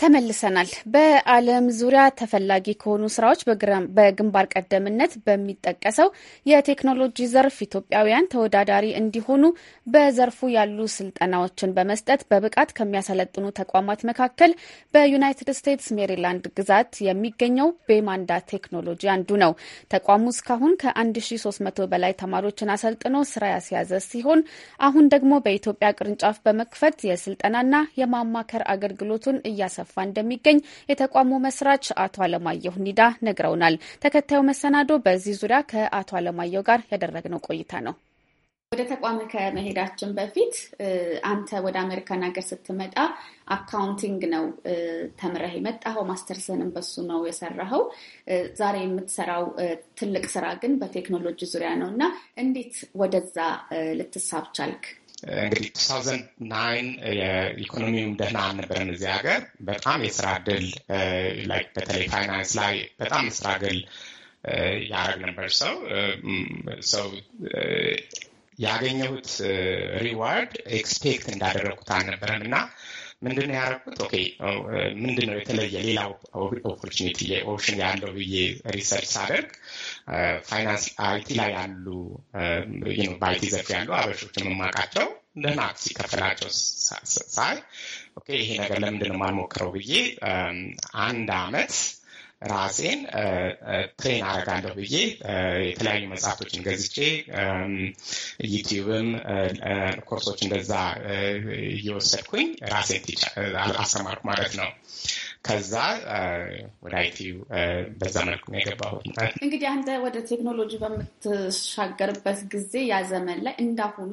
ተመልሰናል። በዓለም ዙሪያ ተፈላጊ ከሆኑ ስራዎች በግንባር ቀደምነት በሚጠቀሰው የቴክኖሎጂ ዘርፍ ኢትዮጵያውያን ተወዳዳሪ እንዲሆኑ በዘርፉ ያሉ ስልጠናዎችን በመስጠት በብቃት ከሚያሰለጥኑ ተቋማት መካከል በዩናይትድ ስቴትስ ሜሪላንድ ግዛት የሚገኘው ቤማንዳ ቴክኖሎጂ አንዱ ነው። ተቋሙ እስካሁን ከ1300 በላይ ተማሪዎችን አሰልጥኖ ስራ ያስያዘ ሲሆን አሁን ደግሞ በኢትዮጵያ ቅርንጫፍ በመክፈት የስልጠናና የማማከር አገልግሎቱን እያሰፋ እየሰፋ እንደሚገኝ የተቋሙ መስራች አቶ አለማየሁ ኒዳ ነግረውናል። ተከታዩ መሰናዶ በዚህ ዙሪያ ከአቶ አለማየሁ ጋር ያደረግነው ቆይታ ነው። ወደ ተቋም ከመሄዳችን በፊት አንተ ወደ አሜሪካን ሀገር ስትመጣ አካውንቲንግ ነው ተምረህ የመጣኸው፣ ማስተርስህንም በሱ ነው የሰራኸው። ዛሬ የምትሰራው ትልቅ ስራ ግን በቴክኖሎጂ ዙሪያ ነው እና እንዴት ወደዛ ልትሳብ ቻልክ? እንግዲህ ቱ ታውዘንድ ናይን የኢኮኖሚውም ደህና አልነበረም እዚህ ሀገር። በጣም የስራ እድል በተለይ ፋይናንስ ላይ በጣም የስራ እድል ያደረግ ነበር ሰው ሰው ያገኘሁት ሪዋርድ ኤክስፔክት እንዳደረግኩት አልነበረም እና ምንድን ነው ያደረኩት? ኦኬ ምንድን ነው የተለየ ሌላው ኦፖርቹኒቲ ኦፕሽን ያለው ብዬ ሪሰርች ሳደርግ ፋይናንስ አይቲ ላይ ያሉ በአይቲ ዘርፍ ያሉ አበሾች የምማቃቸው ደህና ሲከፈላቸው ሳይ ይሄ ነገር ለምንድን ነው የማልሞክረው ብዬ አንድ አመት ራሴን ትሬን አረጋለሁ ብዬ የተለያዩ መጽሐፍቶችን ገዝቼ ዩቲዩብም ኮርሶች እንደዛ እየወሰድኩኝ ራሴን አሰማርኩ ማለት ነው። ከዛ ወደ አይቲ በዛ መልኩ ነው የገባሁት። እንግዲህ አንተ ወደ ቴክኖሎጂ በምትሻገርበት ጊዜ ያ ዘመን ላይ እንዳሁኑ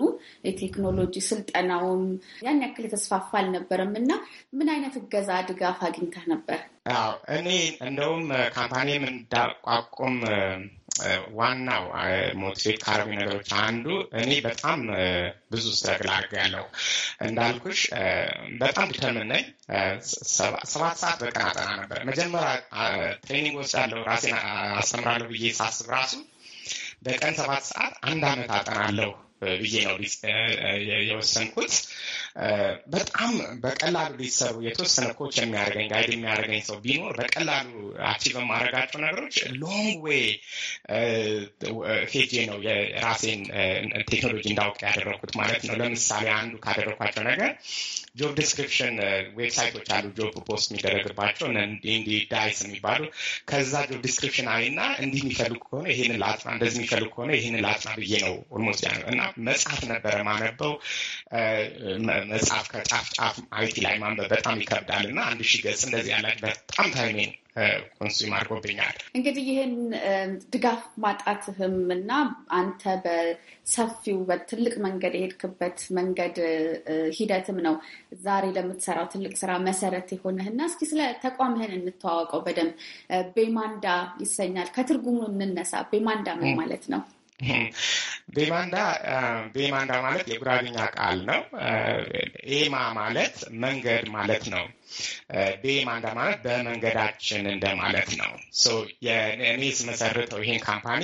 የቴክኖሎጂ ስልጠናውም ያን ያክል የተስፋፋ አልነበረም እና ምን አይነት እገዛ ድጋፍ አግኝተህ ነበር? አዎ እኔ እንደውም ካምፓኒ እንዳቋቁም ዋናው ሞቲቬት ካረጉ ነገሮች አንዱ እኔ በጣም ብዙ ስተግላግ ያለው እንዳልኩሽ በጣም ዲተርምን ነኝ። ሰባት ሰዓት በቀን አጠና ነበር። መጀመሪያ ትሬኒንግ ውስጥ ያለው ራሴን አስተምራለሁ ብዬ ሳስብ ራሱ በቀን ሰባት ሰዓት አንድ አመት አጠናለሁ ብዬ ነው የወሰንኩት። በጣም በቀላሉ ሊሰሩ የተወሰነ ኮች የሚያደርገኝ ጋይድ የሚያደርገኝ ሰው ቢኖር በቀላሉ አቺቭ የማደርጋቸው ነገሮች ሎንግ ዌይ ሄጄ ነው የራሴን ቴክኖሎጂ እንዳውቅ ያደረኩት ማለት ነው። ለምሳሌ አንዱ ካደረኳቸው ነገር ጆብ ዲስክሪፕሽን ዌብሳይቶች አሉ፣ ጆብ ፖስት የሚደረግባቸው እንዲ ዳይስ የሚባሉ ከዛ ጆብ ዲስክሪፕሽን አይና እንዲህ የሚፈልጉ ከሆነ ይህንን ላጥና፣ እንደዚህ የሚፈልጉ ከሆነ ይህንን ላጥና ብዬ ነው ኦልሞስት ያ እና መጽሐፍ ነበረ ማነበው መጽሐፍ ከጫፍ ጫፍ አይቲ ላይ ማንበብ በጣም ይከብዳል እና አንድ ሺህ ገጽ እንደዚህ ያላች በጣም ታይሜን ኮንሱም አድርጎብኛል። እንግዲህ ይህን ድጋፍ ማጣትህም እና አንተ በሰፊው በትልቅ መንገድ የሄድክበት መንገድ ሂደትም ነው ዛሬ ለምትሰራው ትልቅ ስራ መሰረት የሆነህ እና እስኪ ስለ ተቋምህን እንተዋወቀው በደንብ ቤማንዳ ይሰኛል። ከትርጉሙ እንነሳ። ቤማንዳ ምን ማለት ነው? ቤማንዳ ቤማንዳ ማለት የጉራግኛ ቃል ነው። ኤማ ማለት መንገድ ማለት ነው። ቤማንዳ ማለት በመንገዳችን እንደማለት ነው። እኔ ስመሰርተው ይሄን ካምፓኒ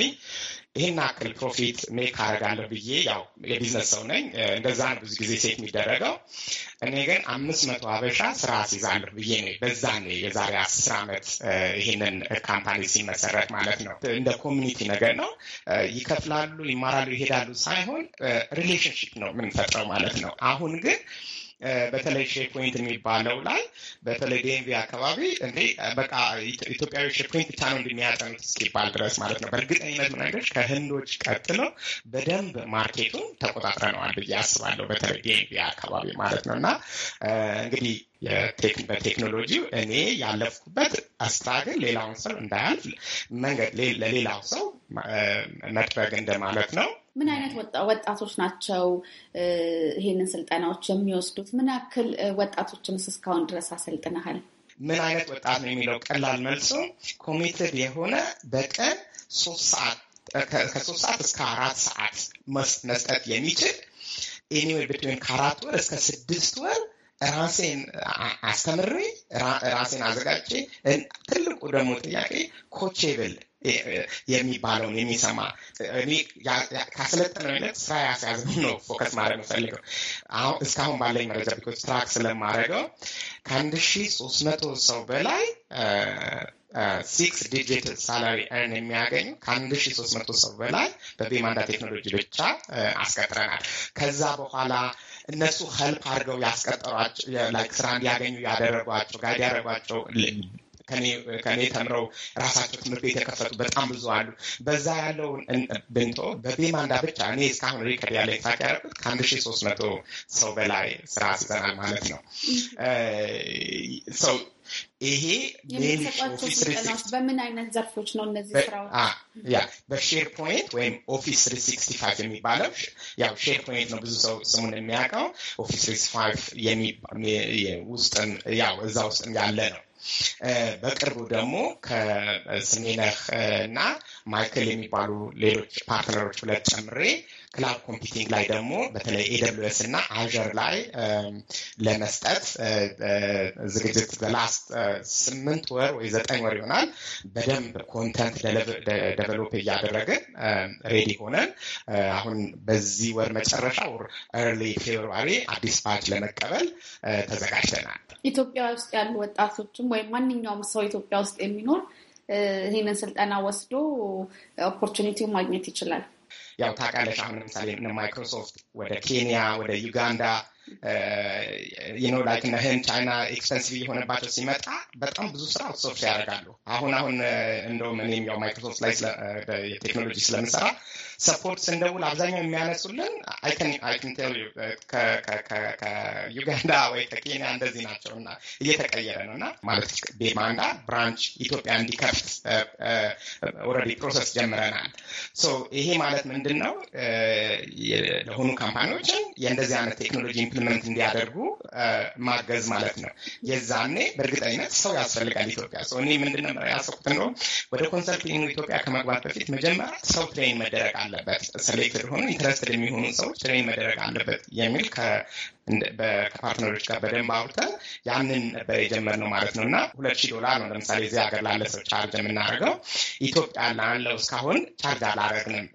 ይሄን አክል ፕሮፊት ሜክ አደርጋለሁ ብዬ ያው የቢዝነስ ሰው ነኝ። እንደዛ ነው ብዙ ጊዜ ሴት የሚደረገው። እኔ ግን አምስት መቶ ሀበሻ ስራ አስይዛለሁ ብዬ ነው በዛ የዛሬ አስር ዓመት ይህንን ካምፓኒ ሲመሰረት ማለት ነው። እንደ ኮሚኒቲ ነገር ነው። ይከፍላሉ፣ ይማራሉ፣ ይሄዳሉ ሳይሆን ሪሌሽንሽፕ ነው የምንፈጥረው ማለት ነው። አሁን ግን በተለይ ፖይንት የሚባለው ላይ በተለይ ዴንቪ አካባቢ እንዴ በቃ ኢትዮጵያዊ ሼፖይንት ብቻ ነው እንደሚያጠኑት እስኪባል ድረስ ማለት ነው። በእርግጠኝነት መንገድ ከህንዶች ቀጥለው በደንብ ማርኬቱን ተቆጣጥረነዋል ብዬ አስባለሁ። በተለይ ዴንቪ አካባቢ ማለት ነው እና እንግዲህ በቴክኖሎጂው እኔ ያለፍኩበት አስታግል ሌላውን ሰው እንዳያልፍ መንገድ ለሌላው ሰው መድረግ እንደማለት ነው። ምን አይነት ወጣቶች ናቸው ይሄንን ስልጠናዎች የሚወስዱት? ምን ያክል ወጣቶችን እስካሁን ድረስ አሰልጥነሃል? ምን አይነት ወጣት ነው የሚለው ቀላል መልሶ ኮሚትድ የሆነ በቀን ሶስት ሰዓት ከሶስት ሰዓት እስከ አራት ሰዓት መስጠት የሚችል ኤኒዌይ ብትን ከአራት ወር እስከ ስድስት ወር ራሴን አስተምሬ ራሴን አዘጋጅቼ ትልቁ ደግሞ ጥያቄ ኮቼብል የሚባለውን የሚሰማ እኔ ካሰለጠነው አይነት ስራ ያስያዝ ነው ፎከስ ማድረግ የምፈልገው አሁን እስካሁን ባለኝ መረጃ ቢኮዝ ትራክ ስለማድረገው ከአንድ ሺ ሶስት መቶ ሰው በላይ ሲክስ ዲጂት ሳላሪ ርን የሚያገኙ ከአንድ ሺ ሶስት መቶ ሰው በላይ በቤማንዳ ቴክኖሎጂ ብቻ አስቀጥረናል። ከዛ በኋላ እነሱ ህልፕ አድርገው ያስቀጠሯቸው ስራ እንዲያገኙ ያደረጓቸው ጋይድ ያደረጓቸው ከኔ ተምረው ራሳቸው ትምህርት ቤት የከፈቱ በጣም ብዙ አሉ። በዛ ያለው ብንቶ በቤማንዳ ብቻ እኔ እስካሁን ሪከርድ ያለ ሳቅ ያደረኩት ከአንድ ሺ ሶስት መቶ ሰው በላይ ስራ ስጠናል ማለት ነው ሰው ይሄ በምን አይነት ዘርፎች ነው? እነዚህ ስራዎች በሼር ፖይንት ወይም ኦፊስ ትሪ ሲክስቲ ፋይቭ የሚባለው ያው ሼር ፖይንት ነው፣ ብዙ ሰው ስሙን የሚያውቀው ኦፊስ ትሪ ሲክስቲ ፋይቭ ውስጥም ያው እዛ ውስጥ ያለ ነው። በቅርቡ ደግሞ ከስሜነህ እና ማይክል የሚባሉ ሌሎች ፓርትነሮች ሁለት ጨምሬ ክላውድ ኮምፒቲንግ ላይ ደግሞ በተለይ ኤደብሊውኤስ እና አዥር ላይ ለመስጠት ዝግጅት በላስት ስምንት ወር ወይ ዘጠኝ ወር ይሆናል በደንብ ኮንተንት ደቨሎፕ እያደረግን ሬዲ ሆነን አሁን በዚህ ወር መጨረሻ ኤርሊ ፌብርዋሪ አዲስ ባች ለመቀበል ተዘጋጅተናል። ኢትዮጵያ ውስጥ ያሉ ወጣቶችም ወይም ማንኛውም ሰው ኢትዮጵያ ውስጥ የሚኖር ይህንን ስልጠና ወስዶ ኦፖርቹኒቲ ማግኘት ይችላል። ya utaka ndashamu msali na Microsoft, whether Kenya, whether Uganda, የኖ ላይክ እነ ህንድ፣ ቻይና ኤክስፐንሲቭ እየሆነባቸው ሲመጣ በጣም ብዙ ስራ አውትሶርስ ያደርጋሉ። አሁን አሁን uh, እንደውም እኔም ያው ማይክሮሶፍት ላይ ቴክኖሎጂ uh, ስለምሰራ ሰፖርት ስንደውል አብዛኛው የሚያነሱልን uh, ከዩጋንዳ ወይ ከኬንያ እንደዚህ ናቸው እና እየተቀየረ ነው እና ማለት ቤማንዳ ብራንች ኢትዮጵያ እንዲከፍት ኦልሬዲ ፕሮሰስ ጀምረናል። ይሄ ማለት ምንድን ነው ለሆኑ ካምፓኒዎችን የእንደዚህ አይነት ቴክኖሎጂ ኢምፕሊመንት እንዲያደርጉ ማገዝ ማለት ነው። የዛኔ በእርግጠኝነት ሰው ያስፈልጋል ኢትዮጵያ ሰው። እኔ ምንድን ነው ያሰብኩት እንደውም ወደ ኮንሰልቲንግ ኢትዮጵያ ከመግባት በፊት መጀመሪያ ሰው ትሬን መደረግ አለበት፣ ሴሌክትድ ሆኑ ኢንትረስትድ የሚሆኑ ሰዎች ትሬን መደረግ አለበት የሚል ከፓርትነሮች ጋር በደንብ አውርተን ያንን ነበር የጀመርነው ማለት ነው። እና ሁለት ሺህ ዶላር ነው ለምሳሌ እዚህ ሀገር ላለ ሰው ቻርጅ የምናደርገው። ኢትዮጵያ ላለው እስካሁን ቻርጅ አላደረግንም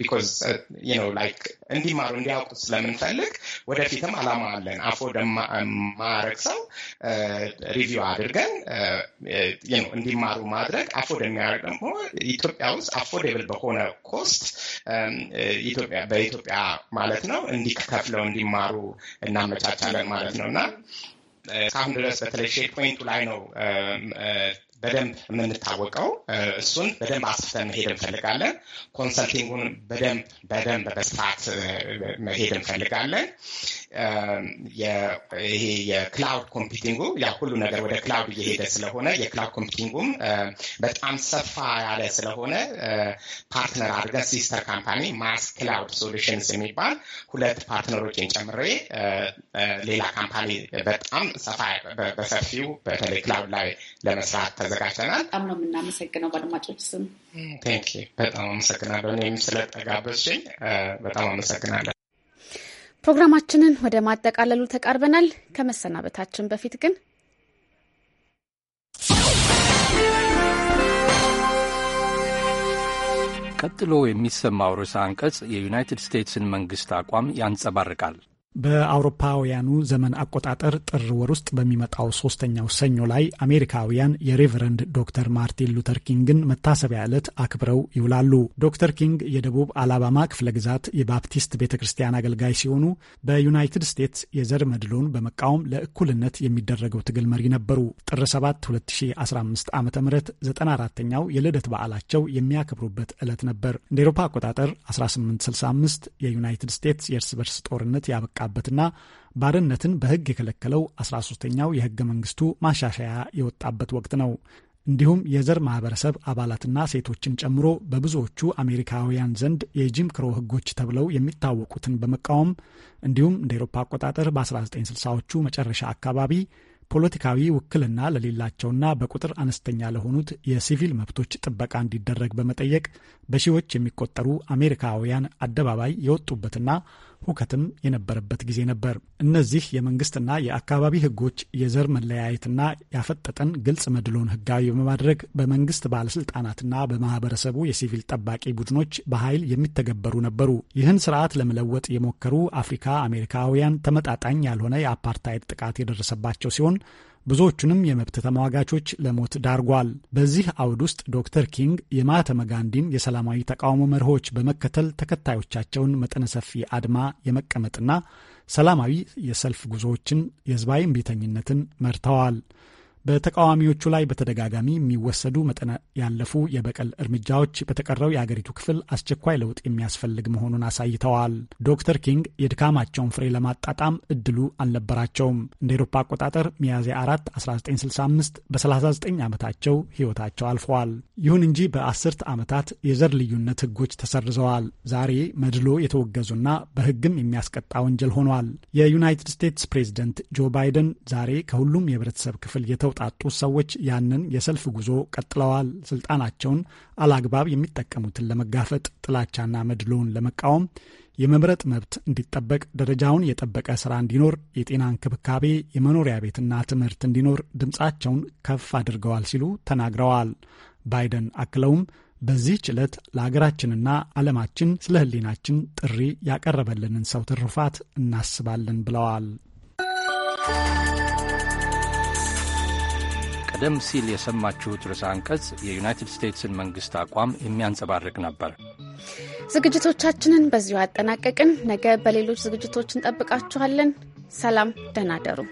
ቢኮዝ ላይክ እንዲማሩ እንዲያውቁ ስለምን ስለምንፈልግ ወደፊትም አላማ አለን። አፎ ደማረግ ሰው ሪቪው አድርገን እንዲማሩ ማድረግ አፎ ወደሚያደረግ ደግሞ ኢትዮጵያ ውስጥ አፎርደብል በሆነ ኮስት በኢትዮጵያ ማለት ነው እንዲከፍለው እንዲማሩ እናመቻቻለን ማለት ነው እና እስካሁን ድረስ በተለይ ሼር ፖይንቱ ላይ ነው በደንብ የምንታወቀው እሱን በደንብ አስፍተን መሄድ እንፈልጋለን። ኮንሰልቲንጉን በደንብ በደንብ በስፋት መሄድ እንፈልጋለን። ይሄ የክላውድ ኮምፒቲንጉ ያ ሁሉ ነገር ወደ ክላውድ እየሄደ ስለሆነ የክላውድ ኮምፒቲንጉም በጣም ሰፋ ያለ ስለሆነ ፓርትነር አድርገን ሲስተር ካምፓኒ ማስ ክላውድ ሶሉሽንስ የሚባል ሁለት ፓርትነሮችን ጨምሬ ሌላ ካምፓኒ በጣም ሰፋ በሰፊው በተለይ ክላውድ ላይ ለመስራት ተዘጋጅተናል። በጣም ነው የምናመሰግነው በአድማጮች ስም ቴንክ በጣም አመሰግናለሁ። እኔም ስለጠጋበሽኝ በጣም አመሰግናለሁ። ፕሮግራማችንን ወደ ማጠቃለሉ ተቃርበናል። ከመሰናበታችን በፊት ግን ቀጥሎ የሚሰማው ርዕሰ አንቀጽ የዩናይትድ ስቴትስን መንግስት አቋም ያንጸባርቃል። በአውሮፓውያኑ ዘመን አቆጣጠር ጥር ወር ውስጥ በሚመጣው ሶስተኛው ሰኞ ላይ አሜሪካውያን የሬቨረንድ ዶክተር ማርቲን ሉተር ኪንግን መታሰቢያ ዕለት አክብረው ይውላሉ። ዶክተር ኪንግ የደቡብ አላባማ ክፍለ ግዛት የባፕቲስት ቤተ ክርስቲያን አገልጋይ ሲሆኑ በዩናይትድ ስቴትስ የዘር መድሎን በመቃወም ለእኩልነት የሚደረገው ትግል መሪ ነበሩ። ጥር 7 2015 ዓ ም 94ኛው የልደት በዓላቸው የሚያከብሩበት ዕለት ነበር። እንደ ኤሮፓ አቆጣጠር 1865 የዩናይትድ ስቴትስ የእርስ በርስ ጦርነት ያበቃ የወጣበትና ባርነትን በሕግ የከለከለው 13ኛው የሕገ መንግስቱ ማሻሻያ የወጣበት ወቅት ነው። እንዲሁም የዘር ማህበረሰብ አባላትና ሴቶችን ጨምሮ በብዙዎቹ አሜሪካውያን ዘንድ የጂም ክሮ ህጎች ተብለው የሚታወቁትን በመቃወም እንዲሁም እንደ ኤሮፓ አቆጣጠር በ1960ዎቹ መጨረሻ አካባቢ ፖለቲካዊ ውክልና ለሌላቸውና በቁጥር አነስተኛ ለሆኑት የሲቪል መብቶች ጥበቃ እንዲደረግ በመጠየቅ በሺዎች የሚቆጠሩ አሜሪካውያን አደባባይ የወጡበትና ሁከትም የነበረበት ጊዜ ነበር። እነዚህ የመንግስትና የአካባቢ ህጎች የዘር መለያየትና ያፈጠጠን ግልጽ መድሎን ህጋዊ በማድረግ በመንግስት ባለስልጣናትና በማህበረሰቡ የሲቪል ጠባቂ ቡድኖች በኃይል የሚተገበሩ ነበሩ። ይህን ስርዓት ለመለወጥ የሞከሩ አፍሪካ አሜሪካውያን ተመጣጣኝ ያልሆነ የአፓርታይድ ጥቃት የደረሰባቸው ሲሆን ብዙዎቹንም የመብት ተሟጋቾች ለሞት ዳርጓል። በዚህ አውድ ውስጥ ዶክተር ኪንግ የማህተመ ጋንዲን የሰላማዊ ተቃውሞ መርሆች በመከተል ተከታዮቻቸውን መጠነ ሰፊ አድማ የመቀመጥና ሰላማዊ የሰልፍ ጉዞዎችን፣ የህዝባዊ እምቢተኝነትን መርተዋል። በተቃዋሚዎቹ ላይ በተደጋጋሚ የሚወሰዱ መጠን ያለፉ የበቀል እርምጃዎች በተቀረው የአገሪቱ ክፍል አስቸኳይ ለውጥ የሚያስፈልግ መሆኑን አሳይተዋል። ዶክተር ኪንግ የድካማቸውን ፍሬ ለማጣጣም እድሉ አልነበራቸውም። እንደ ኤሮፓ አቆጣጠር ሚያዝያ 4 1965 በ39 ዓመታቸው ሕይወታቸው አልፈዋል። ይሁን እንጂ በአስርት ዓመታት የዘር ልዩነት ሕጎች ተሰርዘዋል። ዛሬ መድሎ የተወገዙና በህግም የሚያስቀጣ ወንጀል ሆኗል። የዩናይትድ ስቴትስ ፕሬዝደንት ጆ ባይደን ዛሬ ከሁሉም የህብረተሰብ ክፍል የተ የተውጣጡት ሰዎች ያንን የሰልፍ ጉዞ ቀጥለዋል። ስልጣናቸውን አላግባብ የሚጠቀሙትን ለመጋፈጥ፣ ጥላቻና መድሎን ለመቃወም የመምረጥ መብት እንዲጠበቅ፣ ደረጃውን የጠበቀ ስራ እንዲኖር፣ የጤና እንክብካቤ፣ የመኖሪያ ቤትና ትምህርት እንዲኖር ድምፃቸውን ከፍ አድርገዋል ሲሉ ተናግረዋል። ባይደን አክለውም በዚህ ችለት ለሀገራችንና ዓለማችን ስለ ሕሊናችን ጥሪ ያቀረበልንን ሰው ትሩፋት እናስባለን ብለዋል። ቀደም ሲል የሰማችሁት ርዕሰ አንቀጽ የዩናይትድ ስቴትስን መንግስት አቋም የሚያንጸባርቅ ነበር። ዝግጅቶቻችንን በዚሁ አጠናቀቅን። ነገ በሌሎች ዝግጅቶች እንጠብቃችኋለን። ሰላም፣ ደህና ደሩ።